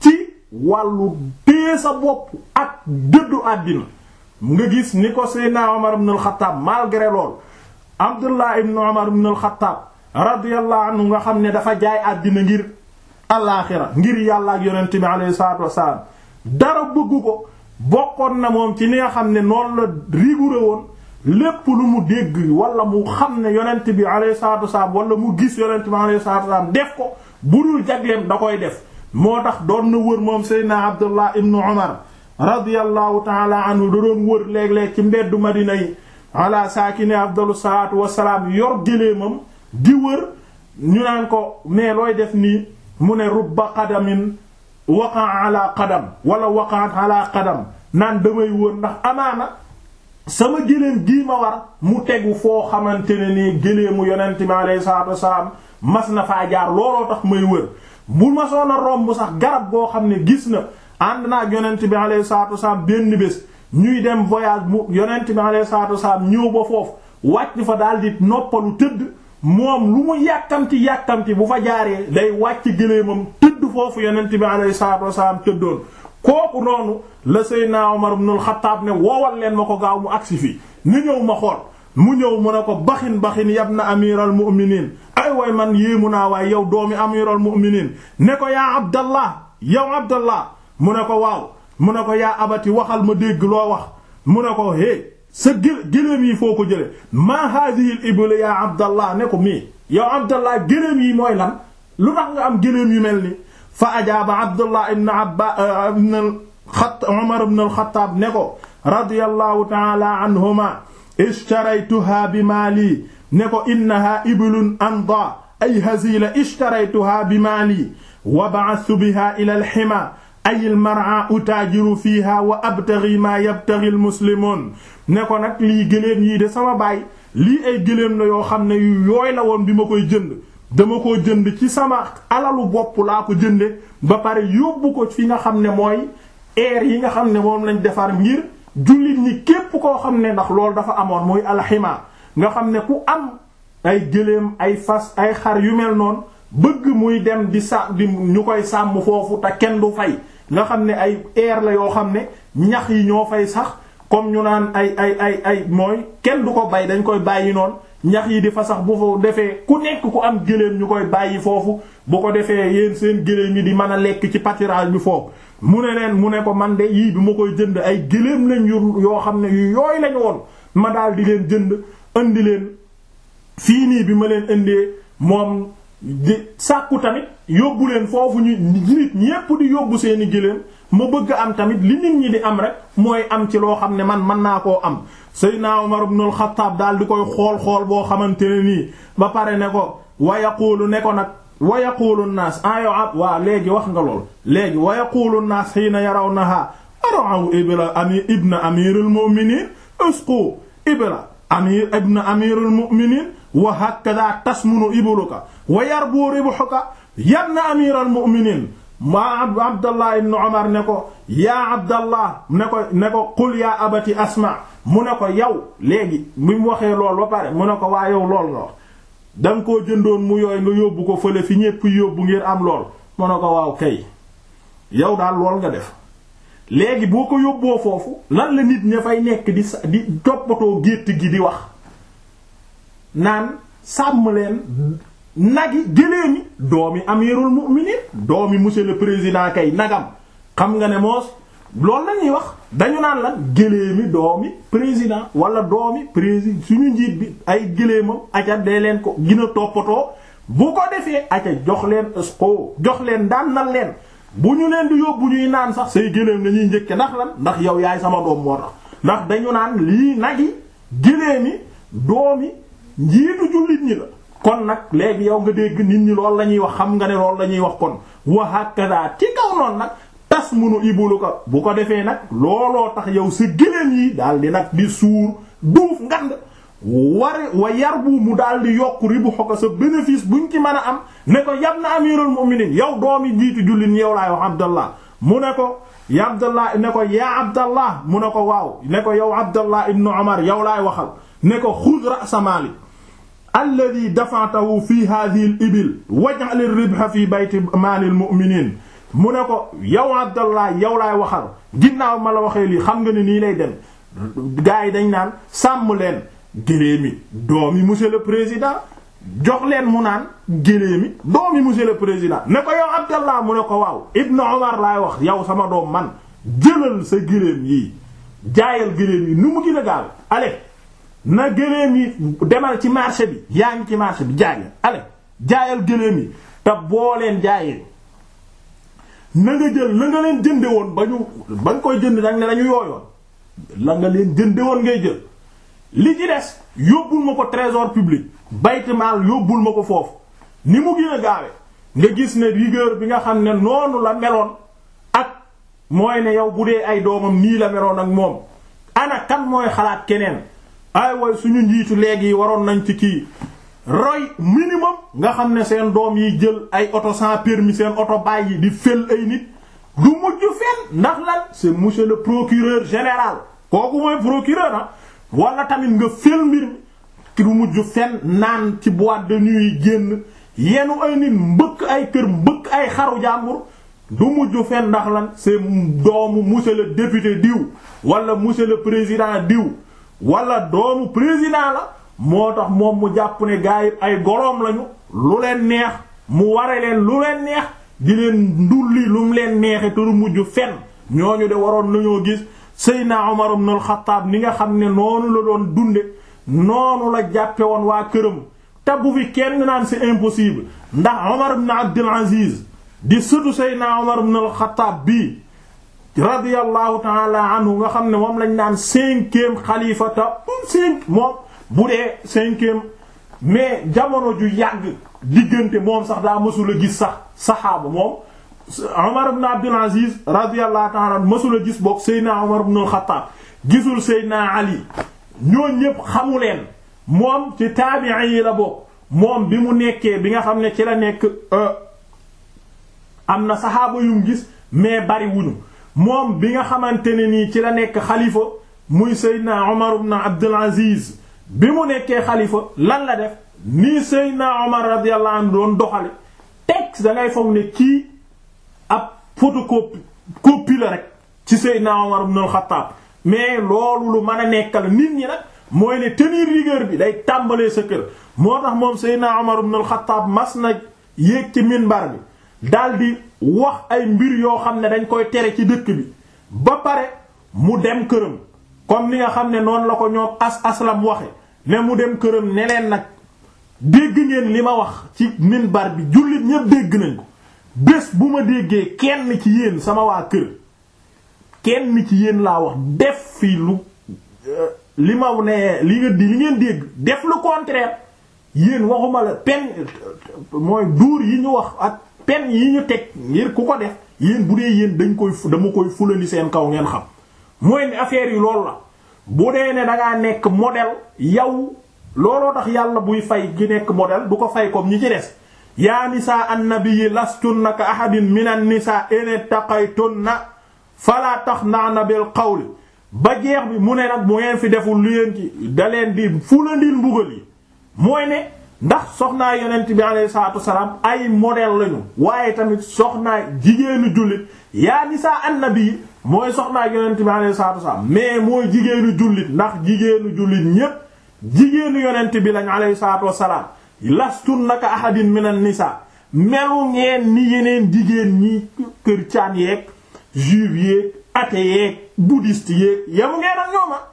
ci wàllu dee sa bopp ak dëddu àddina nga gis ni ko seydna omar ibn al-Khattab lool abdullah ibnu omar ibn al radiyallahu anhu nga xam ne dafa jaay àddina ngir alaaxira ngir yàlla ak yonente bi alayhi dara bëggu ko bokkoon na moom ci ni nga xam ne noon la rigoureux woon lépp lu mu dégg wala mu xam ne yonent bi alayhi salaatu wasallam wala mu gis yonent bi alayhi salaatu wasallam def ko bu dul jagleem da koy def moo tax doon na wër moom Seydina Abdullah ibn Umar radiyallahu taala anhu da doon wër léeg-léeg ci mbeddu Madina yi ala saakini afdalu salaatu wassalaam yor géléemam di wër ñu naan ko mais looy def nii mu ne rubba qadamin waqaa ala qadam wala waqaat ala qadam naan damay wër ndax amaana sama géléem gii ma war mu tegu foo xamante ne nii géléemu yonent mi alayhi salaatu wasalaam mas na faa jaar looloo tax may wër bu ma romb sax garab goo xam ne gis na ànd naa yonent bi alayhi salaatu wasalaam benn bés ñuy dem voyage mu yonent bi alayhi salaatu wasalaam ñëw ba foofu wàcc fa daal di noppalu tëdd moom lu mu yàkkamti yàkkamti bu fa jaaree day wàcc gëléemam tëdd foofu yonent bi alayhi salaatu wasalaam tëddoon kooku noonu la Seydina Omar ibn al-Khattab ne woowal leen ma ko gaaw mu agsi fii ni ñëw ma xool mu ñëw mu ne ko baxin baxin yab na amiral mu'minin ay way man yéemu naa waaye yow doomi amiral mu'minin ne ko yaa abdallah yow abdallah mu ne ko waaw mu ne ko yaa abati waxal ma dégg loo wax mu ne ko hé sa gëléem yi foo ko jële ma hadhihi al-ibla ya abdallah ne ko mii yow abdallah gëléem yi mooy lan lu tax nga am gëléem yu mel ni fa ajaaba abdullah ibn abba eh, ibn al-khattab umar ibn al-khattab ne ko radiyallahu ta'ala anhuma ishtaraytuha bi maali ne ko innaha iblun anda ay hazila ishtaraytuha bi maali wa ba'athu biha ila al-hima ayil mar'a utaajiru fiiha wa abtaghi ma yabtaghi almuslimun ne ko nag lii gëléem yii de sama baay lii ay gëléem la yoo xam ne yu yooy la woon bi ma koy jënd dama koo jënd ci sama alalu bopp laa ko jënde ba pare yóbbu ko fi nga xam ne mooy air yi nga xam ne moom lañ defar ngir jullit ñi képp koo xam ne ndax loolu dafa amoon muy alxima nga xam ne ku am ay gëléem ay fas ay xar yu mel noonu bëgg muy dem di sa di ñu koy sàmm foofu te kenn du fay nga xam ne ay air la yoo xam ne ñax yi ñoo fay sax comme ñu naan ay ay ay ay mooy kenn du ko bay dañ koy bàyyi noonu ñax yi di fa sax bu fa defee ku nekk ku am gëléem ñu koy bàyyi foofu bu ko defee yéen seen gëléem yi di mën a lekk ci pâturage bi foofu mu ne leen mu ne ko man de yii bi ma koy jënd ay gëléem lañ yu yoo xam ne yu yooyu lañ woon ma daal di leen jënd indi leen fii nii bi ma leen indee moom di sàkku tamit yóbbu leen foofu ñu nit ñépp di yóbbu seeni gëléem ma bëgg am tamit li nit ñi di am rek mooy am ci loo xam ne man mën naa koo am Seydina Umar ibn al-Khattab daal di koy xool xool boo xamante ne nii ba pare ne ko wa yaqulu ne ko nag wa yaqulu an ah, ab waa léegi wax nga lool léegi wa yaqulu an-nas hiina yarawnaha araw ibla ami ibna amirul mu'minin usqu ibla amir ibna amirul mu'minin wa hakada tasmunu ibluka wa yarbu ribhuka yan na amiral mu'minin ma abdallah ibn omar ne ko yaa abdallah ne ko ne ko qul yaa abati asma mu ne ko yow léegi bi mu waxee lool ba pare mu ne ko waa lool nga wax da koo jëndoon mu yooy nga yóbbu ko fële fi ñépp yóbbu ngir am lool mu ne ko waaw kay yow daal lool nga def léegi boo ko yóbboo foofu lan la nit ña fay nekk di sa di toppatoo gétt gi di wax naan sàmm leen nag yi gëléem yi doomi amirul mu'minin doomi monsieur le président kay nagam xam nga ne moos loolu la ñuy wax dañu naan la lan gëléemi doomi président wala doomi président suñu njiit bi ay gëléemam aca dee leen ko gën a toppatoo bu ko defee aca jox leen esco jox leen daan nan leen bu ñu leen di yóbbu ñuy naan sax say gëléem la ñuy njëkke ndax lan ndax yow yaay sama doom moo tax ndax dañu naan lii nag yi gëléemi doomi njiitu jullit ñi la kon nag léegi yow nga dégg nit ñi loolu la ñuy wax xam nga ne loolu la wax kon wa hakaza ci kaw noonu nag tas munu ko bu ko defee nag looloo tax yow si gëléem yi daal nag di suur duuf ngand ware wa yar bu mu daal di yokk ribu xoka sa bénéfice buñ ci mën a am ne ko yab na amirul mu'minin yow doomi jiitu jullit yow laay wax abdallah mu ne ko ya abdallah ne ko ya abdallah mu ne ko waaw ne ko yow abdallah ibnu omar yow laay waxal ne ko xud ra'sa alladi dafatahu fi hadhihi al ibil waj'al ar ribha fi bayti maalil mu'minin mu ne ko yow abdallah yow laay waxal ginnaaw ma la waxee lii xam nga ne nii lay dem gars yi dañ naan sàmm leen géléemi doomi monsieur le président jox leen mu naan géléemi doomi monsieur le président ne ko yow abdallah mu ne ko waaw ibnu omar laay wax yow sama doom man jëlal sa géléem yi jaayal géléem yi nu mu gën gaal ale na gëléem yi demal ci marché bi yaa ngi ci marché bi jaay leen ale jaayal gëléem yi te boo leen jaayee na jël la nga leen jënde woon ba ñu ba nga koy jënd nag ne dañu yooyoon la nga leen jënde woon ngay jël li ci des yóbbul ma ko trésor public baytimaal yóbbul ma ko foofu ni mu gën a gaawe nga gis ne rigueur bi nga xam ne noonu la meloon ak mooy ne yow bu dee ay doomam nii la meloon ak moom ana kan mooy xalaat keneen ay way suñu njiitu léegi waroon nañ ci kii roy minimum nga xam ne seen doom yi jël ay oto sans permis seen oto bàyyi di fel ay nit du mujj fen ndax lan c'est monsieur le procureur général kooku mooy procureur ah walla tamit nga fel mbir mi ki du mujj fen naan ci boîte de nuit yi génn yenu ay nit mbëkk ay kër mbëkk ay xaru jàmbur du mujj fen ndax lan c'est doomu monsieur le député diw wala monsieur le président diw wala doomu président la moo tax moom mu jàpp ne gaa yi ay goroom lañu lu leen neex mu ware leen lu leen neex di leen ndulli lu mu leen neexe te du mujj fen ñooñu de waroon nañoo gis Seydina Umar ibn al-Khattab ni nga xam ne noonu la doon dunde noonu la jàppe woon waa këram te bu fi kenn naan si impossible ndax Umar ibn Abdul Aziz di sëtu Seydina Umar ibn al-Khattab bii radiyallahu taala anhu nga xam ne moom lañ naan cinquième xalifata cinq moom bu dee cinquième mais jamono ju yàgg diggante moom sax daa mësul a gis sax saxaaba moom Omar ibn Abdul Aziz radiyallahu taala mësul a gis book Seydina Omar ibn al-Khattab gisul Seydina Ali ñoo ñëpp xamu moom ci taabi'i yi la bokk moom bi mu nekkee bi nga xam ne ci la nekk euh, am na saxaaba yum gis mais bari wuñu moom bi nga xamante ne nii ci la nekk xalifa muy Seydina Omar ibn Abdul Aziz bi mu nekkee xalifa lan la def nii Seydina Omar radiyallahu doon doxale texte dangay ngay foog ne kii ab photocopie copie la rek ci Seydina Omar ibn al-Khattab mais loolu lu mën a nekkal nit ñi nag mooy ne tenir rigueur bi day tàmbalee sa kër moo tax moom Seydina Omar ibn al-Khattab mas na yéeg ci minbar bi daldi wax ay mbir yoo xam ne dañ koy tere ci dëkk bi ba pare mu dem këram comme ni nga xam ne noonu la ko ñoom as aslam waxe ne mu dem këram ne nag dégg ngeen li ma wax ci minbar bi jullit ñépp dégg nañ ko bés bu ma déggee kenn ci yéen sama waa kër kenn ci yéen laa wax def fi lu euh, li ma ne li nga di li ngeen dégg def lu contraire yéen waxuma la pen euh, mooy duur yi ñu wax ak pen yi ñu teg ngir ku ko def yéen bu dee yéen dañ koy dama koy fulani seen kaw ngeen xam mooy ne affaire yi loolu la bu dee ne da nekk modèle yow looloo tax yàlla buy fay gi nekk modèle du ko fay comme ñi ci des yaa nisaa annabiyyi lastunna ka ahadin minan nisaa in na falaa tax taxna'na bil qawli ba jeex bi mu ne nag bu ngeen fi deful lu yéen ci da leen di fulandil mbugal yi mooy ne ndax soxnaa yonent bi alayhi salaatu ay modèle lañu waaye tamit soxnaa jigéenu jullit yaa nisaa annabi mooy soxnaa yonent bi alayhi salaatu mais mooy jigéenu jullit ndax jigéenu jullit ñépp jigéenu yonent bi lañ alayhi salaatu wasalaam lastunnaka ahadin minan nisaa melu ngeen ni yeneen jigéen ñi kër caan yeeg juif yeeg athée yeeg bouddhiste yeeg yemu ngeen ak ñooma ah.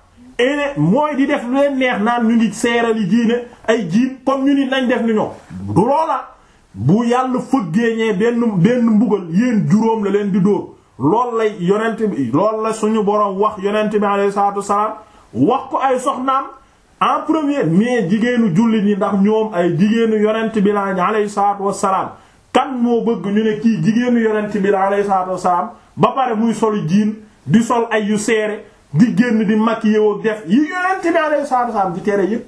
mooy di def lu leen neex naan ñu ngi seerali jiine ay jiin comme ñu nit nañ def ni ñoom du loola bu yàlla fëggee ñee benn benn mbugal yéen juróom la leen di dóor lool lay yonent bi lool la suñu borom wax yonent bi alayhi salaatu wasalaam wax ko ay soxnaam en premier mais jigéenu jullit ñi ndax ñoom ay jigéenu yonent bi lañ alayhi salaatu wasalaam kan moo bëgg ñu ne kii jigéenu yonent bi la alayhi salaatu wasalaam ba pare muy solu jiin di sol ay yu di génn di maquillé ak def yi yonent bi alayhi salaatu wasalaam di tere yëpp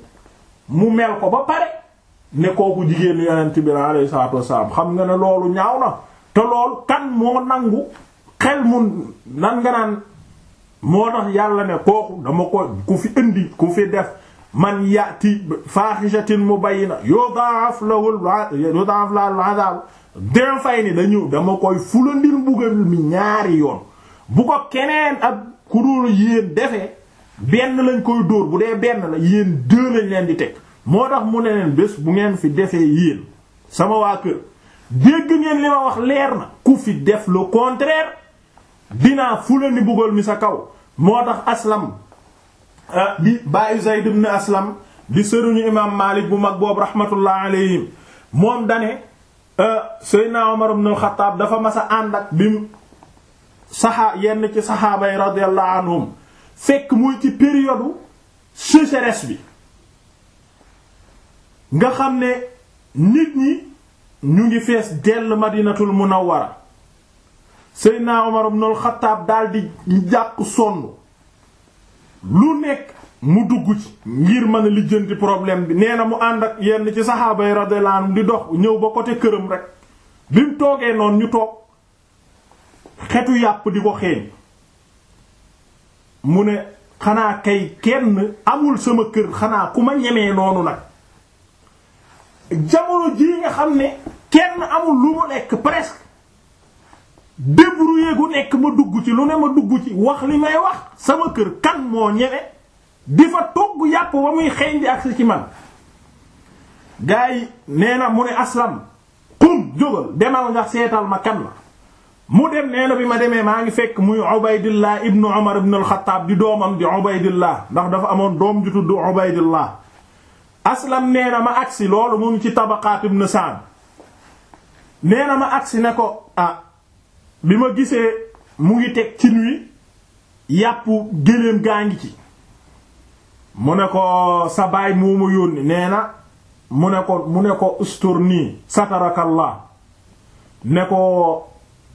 mu mel ko ba pare ne kooku jigéenu yonent bi alayhi salaatu wasalaam xam nga ne loolu ñaaw na te loolu kan moo nangu xel mun nan naan moo tax yàlla ne kooku dama ko ku fi indi ku fi def man yati fahishatin mubayyina yudha'af lahu yudha'af lahu al'adab den fay ni dañu dama koy fulandil mbugal mi ñaari yoon bu ko keneen ab ku dul yéen defee benn lañ koy dóor bu dee benn la yéen deux leen di teg moo tax mu ne leen bés bu ngeen fi defee yéen sama waa kër dégg ngeen li ma wax leer na ku fi def le contraire dinaa fula ni bëggal mi sa kaw moo tax aslam bi ah, bàyyi Zayd ibn aslam di sëruñu imam Malik bu mag boobu rahmatullah alayhim moom dane ah, Seydina Umar ibn al dafa mas a ànd ak bim saxaa yenn ci saxaabay yi radiyallahu fekk muy ci période sécheresse bi nga xam ne nit ñi ñu ngi fees dell madinatul munawwara seydna Umar ibn al-Khattab daldi jàkku sonn lu nekk mu dugg ci ngir mën a lijjanti problème bi nee na mu ànd ak yenn ci saxaabay yi radiyallahu di dox ñëw ba côté këram rek bi mu toogee noonu ñu toog xetu yàpp di ko xeeñ mu ne xanaa kay kenn amul sama kër xanaa ku ma ñemee noonu nag jamono jii nga xam ne kenn amul lu mu lekk presque débrouiller gu nekk ma dugg ci lu ne ma dugg ci wax li may wax sama kër kan moo ñeme di fa togg yàpp ba muy xeeñ di agsi ci man gars yi nee na mu ne aslam qum jógal demal nga seetal ma kan la mu dem nee na bi ma demee maa ngi fekk muy Ubaydullah ibn Umar ibn al-Khattab di doomam di Ubaydullah ndax dafa amoon doom ju tudd Ubaydullah aslam nee na ma agsi loolu mu ngi ci tabaqaat ibn Sa'd nee na ma agsi ne ko ah bi ma gisee mu ngi teg cin wi yàppu géléem gaa ngi ci mu ne ko sa baay moomu yónni nee na mu ne ko mu ne ko ustur nii satarakallah ne ko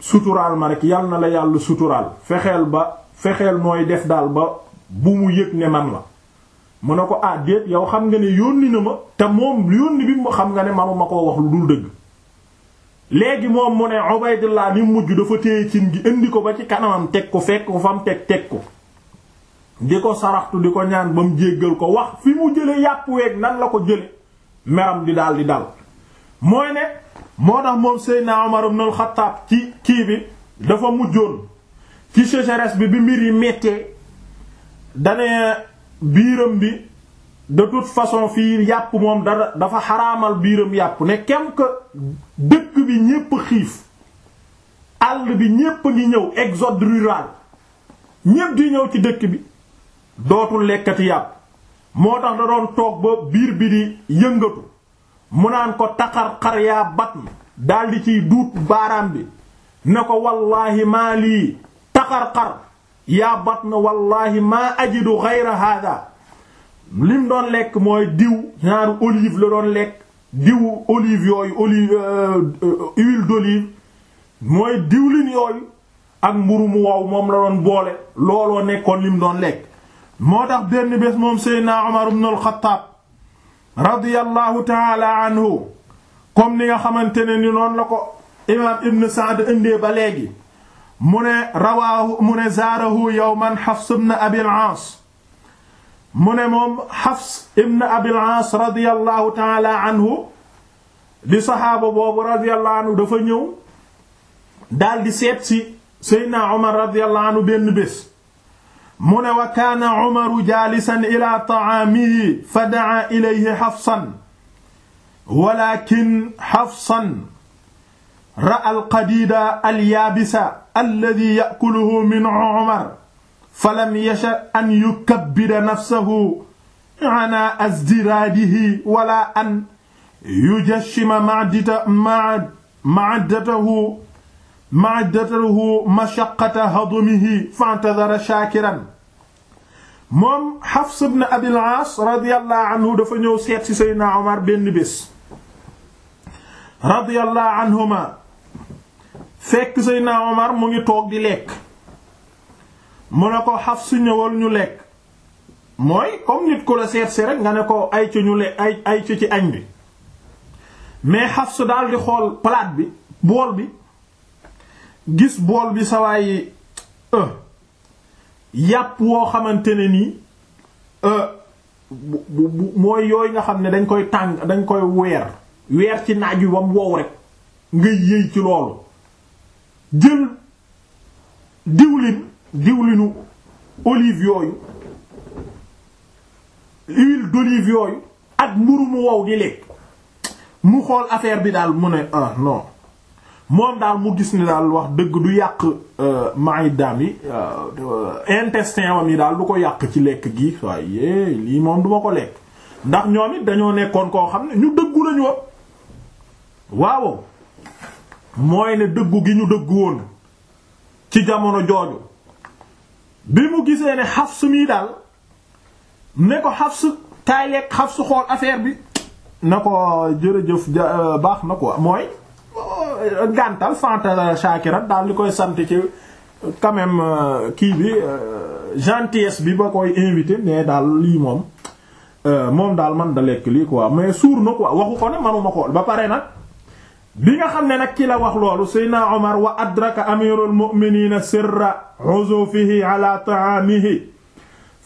suturaal ma rek yal na la yàlla suturaal fexeel ba fexeel mooy def daal ba bu mu yëg ne man la mu ne ko ah yow xam nga ne yónni na ma te moom yónni bi xam nga ne ma koo wax lu dul dëgg léegi moom mu ne Ubaydullah ni mujj dafa téye cin gi indi ko ba ci kanamam teg ko fekk ko fam teg teg ko di ko saraxtu di ko ñaan ba mu jéggal ko wax fi mu jële yàpp weeg nan la ko jële meram di daal di dal mooy ne moo tax moom Seydina Omar ibn al-Khattab ci kii bi dafa mujjoon ci sécheresse bi bi mbir yi méttee dane biiram bi de toute façon fii yàpp moom dafa xaraamal biiram yàpp ne kem que dëkk bi ñépp xiif àll bi ñépp ngi ñëw exode rural ñépp di ñëw ci dëkk bi dootul lekkati yàpp moo tax da doon toog ba biir bi di yëngatu mu naan ko taqarqar yaa batn daldi ciy duut baaraam bi ne ko wallaahi maa lii taqarqar yaa batn wallaahi maa ajidu ghayra hada lim doon lekk mooy diw ñaaru olive la doon lekk diw olive yooyu olive euh, euh, huile d'olive mooy diwlin yooyu ak mburu mu wow moom la doon boole looloo nekkoon lim doon lekk moo tax benn bés moom Seydina Umar ibn al radiyallahu taala anhu comme ni nga xamante ne ni noonu la ko imaam ibn Sa'd indee ba léegi mu ne rawaahu mu ne zaarahu yawman Hafs ibn Abil Aas mu ne moom Hafs ibn Abil Aas radiyallahu taala anhu di saxaaba boobu radiyallahu anhu dafa ñëw daal di seet si Seydina Omar radiyallahu anhu benn bés mu ne wa kaana umaru jaalisan ila tacaamihi fa dacaa ilayhi xafsan walakin xafsan ra'a alqadiida alyaabisa alladi yakuluhu min umar falam yasha an yukabbida nafsahu ana azdiraadihi wala an yujashima macdatahu ma jatahu mashaqqata hadumihi fantadara shakiran moom Hafs ibn Abil As radiyallahu dafa ñëw seet ci Seydina Omar benn bés radiyallahu anhuma fekk Seydina Omar mu ngi toog di lekk mu ne ko Hafs ñëwal ñu lekk mooy comme nit ku la seet si rek nga ne ko ay ci ñu lekk ay ci ci añ bi mais Hafs daal di xool palaat bi bool bi gis bool bi sawaay yi euh, yàpp woo xamante ne nii euh, bu mooy yooyu nga xam ne dañ koy tàng dañ koy weer weer ci naaj wi ba mu wow rek nga yëy ci loolu jël diwlin diwlinu olive yooyu huile d'olive yooyu ak mburu mu wow di lekk mu xool affaire bi daal mu ne ah moom daal mu gis ni daal wax dëgg du yàq euh, maay daam yi euh, intestin wam yi daal du ko yàq ci lekk gi waaye lii moom du ma ko lekk ndax ñoom it dañoo nekkoon koo xam ne ñu dëggu lañu wa waaw mooy ne dëggu gi ñu dëgg woon ci jamono jooju bi mu gisee ne Hafs mii daal ne ko Hafs kaay lekk Hafs xool affaire bi na ko jërëjëf euh, baax na ko mooy Oh, gàntal sant euh, Shakira daal di koy sant ci euh, quand même euh, kii bi gentillesse bi ba koy invité ne daal lii moom moom daal man da lekk lii quoi mais suur na quoi waxu manuma ko ba pare nag bi nga xam ne nag ci la wax loolu Seydina Omar wa adraka amirul mu'minina sirra huzufihi ala ta'amihi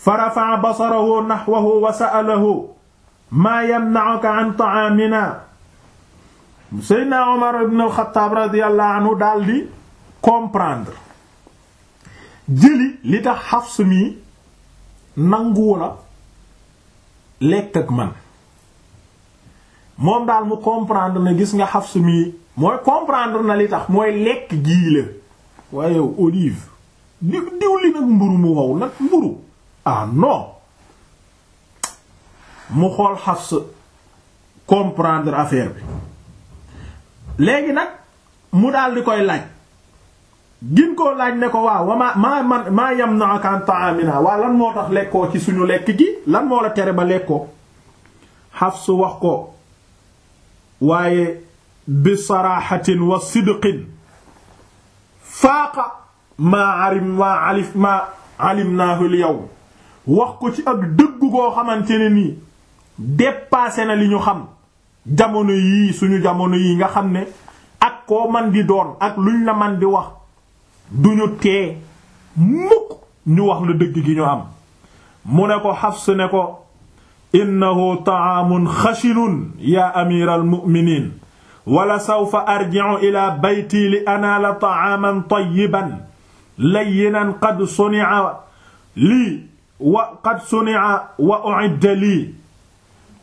farafa'a basarahu nahwahu wa sa'alahu ma yamna'uka an ta'amina Seydina Omar ibn Khattab radiyallahu anhu daal di comprendre jëli li tax Hafs mi nanguwu la lekk ak man moom daal mu comprendre na gis nga Hafs mi mooy comprendre na li tax mooy lekk gii la waaye olive di diwlin mburu mu wow nag mburu ah non mu xool Hafs comprendre affaire bi léegi nag mu daldi koy laaj gin koo laaj ne ko waaw wama maa man maa yam na taamina waa lan moo tax lekkoo ci suñu lekk gi lan moo la tere ba lekkoo Hafs wax ko waaye bi saraxatin wa sidqin faaqa maa arim maa alif maa alimnaahu wax ko ci ak dëgg goo xamante ne nii dépassé na li ñu xam jamono yii suñu jamono yii nga xam ne ak koo man di doon ak luñ la man di wax duñu tee mukk ñu wax la dëgg gi ñu am mu ne ko Hafs ne ko innahu ta'aamun xashinun yaa amiiral mu'miniin wala sawfa arji'u ilaa bayti li anaala ta'aaman tayyiban layyinan qad suni'a lii wa qad suni'a wa u'idda lii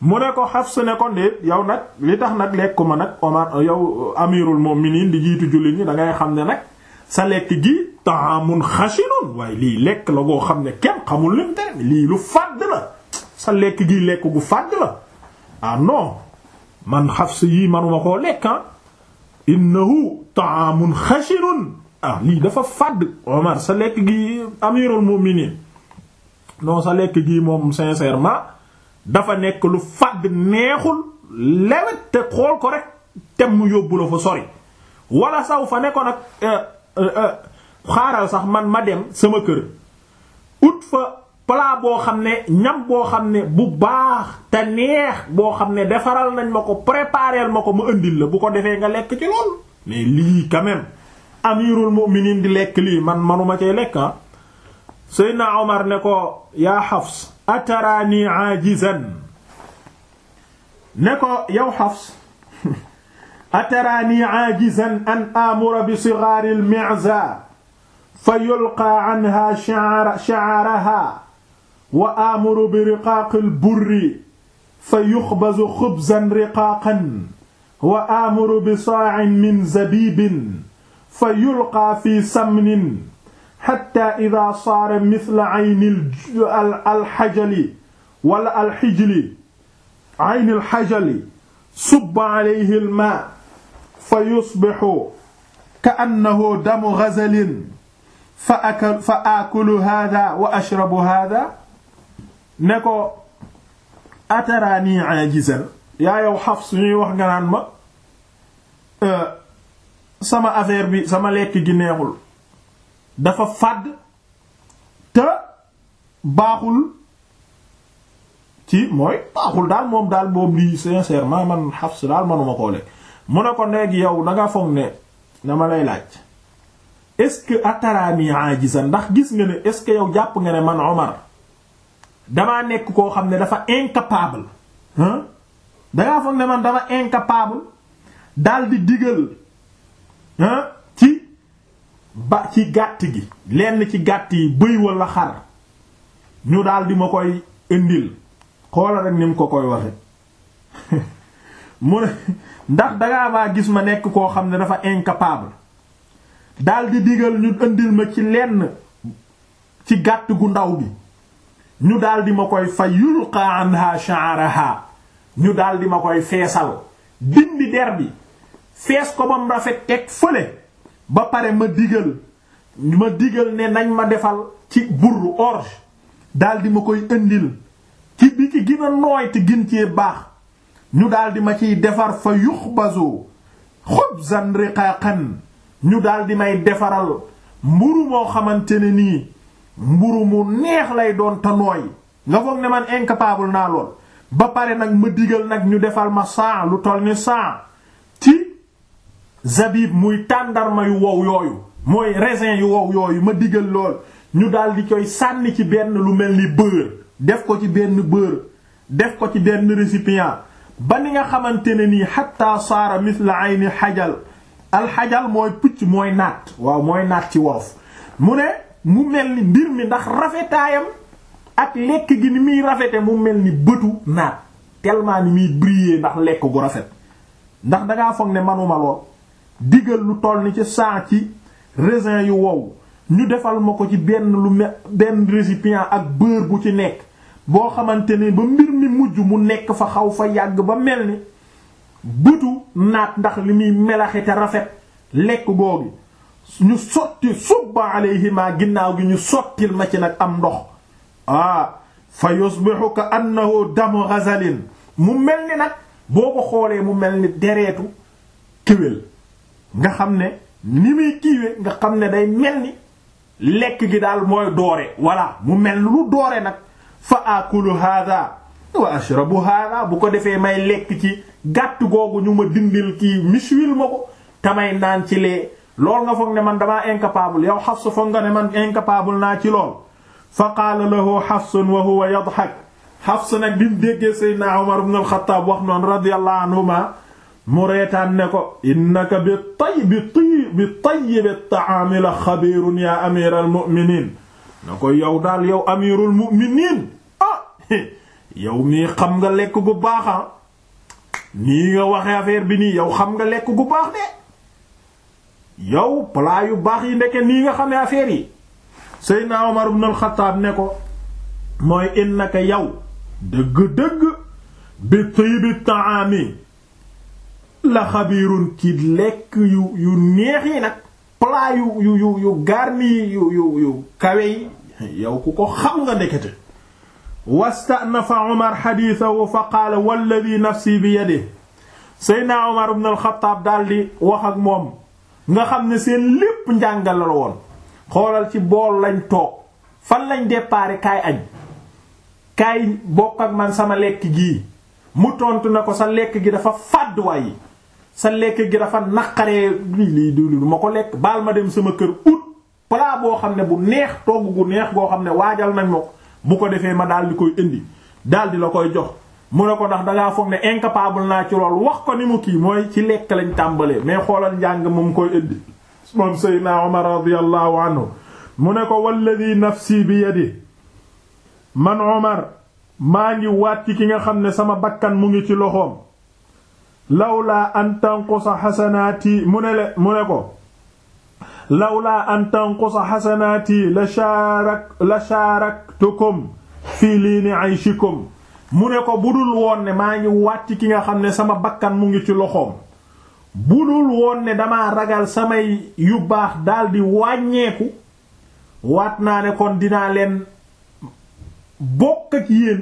mu ne ko Hafs ne ko ndéet yow nag li tax nag lekku ma nag Omar yow amirul mu'minin di jiitu jullit ñi da ngay xam ne nag sa lekk gi ta'amun xashinun waaye lii lekk la goo xam ne kenn xamul lim te lii lu fàdd la sa lekk gi lekk gu fàdd la ah man Hafs yii manuma koo lekk ah innahu ta'amun xashinun ah lii dafa fàdd Omar sa lekk gi amirul mu'minin non sa lekk gi moom sincèrement dafa nekk lu fàdd neexul lewet te xool ko rek tem mu yóbbu la fa sori walla saw fa ne ko nag eh, eh, eh, xaaral sax man ma dem sama kër ut fa plat boo xam ne ñam boo xam ne bu baax te neex boo xam ne defaral nañ ma ko prépareel ma ko ma indil la bu ko defee nga lekk ci lool mais lii quand même amirul mu'minin di lekk lii man manuma cay lekk ah Seydina Omar ne ko yaa Hafs ataraani aajizan ne ko yow Hafs (laughs) ataraani aajizan an amura bi sigaari al-mi'za fa yulqaa anha sha'raha wa amuru bi riqaaqi al-burri fa yuxbazu xubzan riqaaqan wa amuru bi saa'in min zabiibin fa yulqaa fi samnin xatta ida saara misla ayni alxajali wala alxijli ayni alxajali subba alayhi almaa fa yusbixu ka annahu damu gazalin fa akal fa aakulu haadaa wa ashrabu haadaa ne ko ataraanii aajizan yaa yow Hafs ñuy wax nga naan ma euh, sama affaire bi sama lekk gi neexul dafa fàdd te baaxul ci mooy baaxul daal moom daal boobu lii ma man Hafs daal manuma koo lekk mu ne ko léegi yow danga foog ne dama lay laaj est-ce que atarami ajizan ndax gis nga ne est-ce yow jàpp nga ne man Omar damaa nekk koo xam ne dafa incapable hein dangaa foog ne man dama incapable daal di digal ba ci gàtt gi lenn ci gàtt yi bëy walla xar ñu daal di ma koy indil xoola ni mu ko koy waxe (laughs) mu ne ndax dangaa maa gis ma nekk koo xam ne dafa incapable daal di digal ñu indil ma ci lenn ci gàtt gu ndaw bi ñu daldi ma koy fa yulqa anha sha'raha ñu daldi ma koy feesal dindi der bi fees ko bam rafet teg fële ba pare ma digal ma digal ne nañ ma defal ci burru orge daldi ma koy indil ci bi ci gën nooy te gën cee baax ñu daldi ma ciy defar fa yuxbazu xubzan riqaqan ñu daldi may defaral mburu moo xamante ne nii mburu mu neex lay doon te nooy nga foog ne man incapable naa lool ba pare nag ma digal nag ñu defal ma saa lu toll ni saa ci zabib muy tàndarma yu wow yooyu mooy raisin yu wow yooyu ma digal lool ñu daal di koy sànni ci benn lu mel ni beurre def ko ci benn beurre def ko ci benn récipient ba ni nga xamante ne nii hatta saara mithla ni xajal alxajal mooy pucc mooy naat waaw mooy naat ci wolof mu ne mu mel ni mbir mi ndax rafetaayam ak lekk gi ni muy rafete mu mel ni bëtu naat tellement ni muy briller ndax lekk gu rafet ndax dangaa foog ne manuma lool digal lu toll ni ci saa ci résin yu wow ñu defal ma ko ci benn lu benn récipient ak beurre bu ci nekk boo xamante ne ba mbir mi mujj mu nekk fa xaw fa yàgg ba mel ni bëtu naat ndax li muy melaxi te rafet lekk googi ñu sotti subba alayhima ginnaaw gi ñu sottil ma ci nag am ndox ah fa yusbihu ka annahu damu ghazalin mu mel ni nag boo ko xoolee mu mel ni dereetu kéwél nga xam ne ni muy kiiwe nga xam ne day mel ni lekk gi daal mooy doore voilà mu mel lu doore nag fa akulu hada wa ashrabu hada bu ko defee may lekk ci gàtt googu ñu ma dindil kii miswil ma ko tamay naan ci lee lool nga foog ne man damaa incapable yow Hafs foog nga ne man incapable naa ci lool fa qaala lahu Hafs wa huwa yadhak Hafs nag bi mu déggee Seydina Umar ibn al-Khattab wax noonu radiyallahu anhuma mu reetaan ne ko innaka bi tay bi ti bi tayyibi la xabiirun yaa amiral mu'miniin na ko yow daal yow amirul mu'miniin ah (laughs) mii xam nga lekk gu baax ah nii nga waxe affaire bi nii yow xam nga lekk gu baax de yow plat yu baax yi ndeke nii nga xamee affaire yi Seydina na ibn al-Khattab ne ko mooy innaka yow dëgg-dëgg bi tayyibi taami la xabiirun ci lekk yu yu neex nag plat yu yu yu yu kawe yi yow ku ko xam nga ndekete wastanafa omar xadiisahu fa qaala walladi nafsi bi yadihi seydna omar ibn daldi wax ak moom nga xam ne seen lépp njàngal la woon xoolal ci bool lañ toog fan lañ déparé kaay añ kaay bokk ak man sama lekk gii mu tont na ko sa lekk gi dafa fàdduwaay yi sa lekk gi dafa naqaree lii lii du ma ko lekk baal ma dem sama kër ut plat boo xam ne bu neex togg gu neex goo xam ne waajal nañ ma ko bu ko defee ma daal di koy indi daal di la koy jox mu ne ko ndax dangaa foog ne incapable naa ci lool wax ko ni mu kii mooy ci lekk lañ tàmbalee mais xoolal njàng moom koy indi moom Seydina Omar radiyallahu anhu mu ne ko walladi nafsi bi yadi man Omar maa ngi waat ci ki nga xam ne sama bakkan mu ngi ci loxoom lawlaa an tanqusa xasanaati mu ne le mu ne ko lawlaa an sa xasanaati la shaarak la shaaraktukum fii liini ayshikum mu ne ko budul woon ne maa ngi wàcc ki nga xam ne sama bakkan mu ngi ci loxoom budul woon ne dama ragal samay yu baax daldi wàññeeku waat naa ne kon dinaa leen bokk ak yéen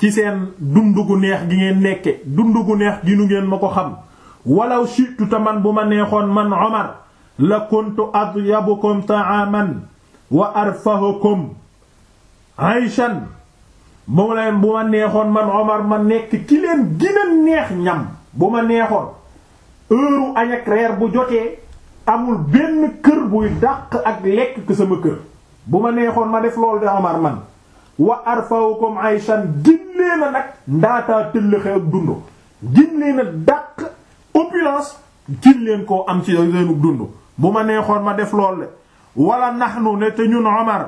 ci seen dund gu neex gi ngeen nekke dund gu neex gi nu ngeen ma ko xam walaw shi'tu ta man bu ma neexoon man Omar la kuntu adyabukum ta'aman wa arfahukum ayshan moom la bu ma neexoon man Omar ma nekk ci leen gën neex ñam bu ma neexoon heure añ reer bu jotee amul benn kër buy dàq ak lekk sama kër bu ma neexoon ma def loolu de Omar man wa arfawukum ayshan gin leen a nag ndaataa tëllëxe ak dund gin leen a dàq opulence gin leen koo am ci leenug dund bu ma neexoon ma def loole de wala nahnu ne te ñun Omar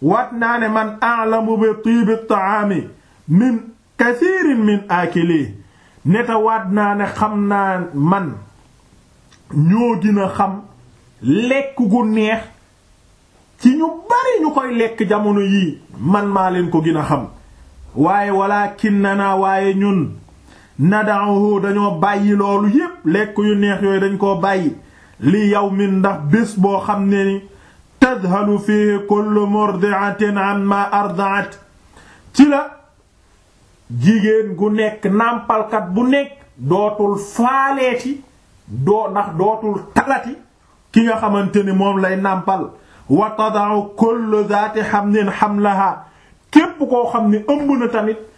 waat naa ne man a'lamu bi tibi taami min kathirin min akili ne te waat naa ne xam naa man ñoo dina xam lekk gu neex ci ñu bari ñu koy lekk jamono yii man maa leen ko gin a xam waaye kin walaakinnanaa waaye ñun nada'uhu dañoo bàyyi loolu yépp lekk yu neex yooyu dañ koo bàyyi li yawmin ndax bés boo xam ne ni tadhalu fihi kullu murdi'atin amma arda'at ci la jigéen gu nekk nàmpalkat bu nekk dootul faaleeti dootul talati ki nga xamante ni moom lay nàmpal wa tada'u kullu dhati hamlin hamlaha képp koo xam ne ëmb na tamit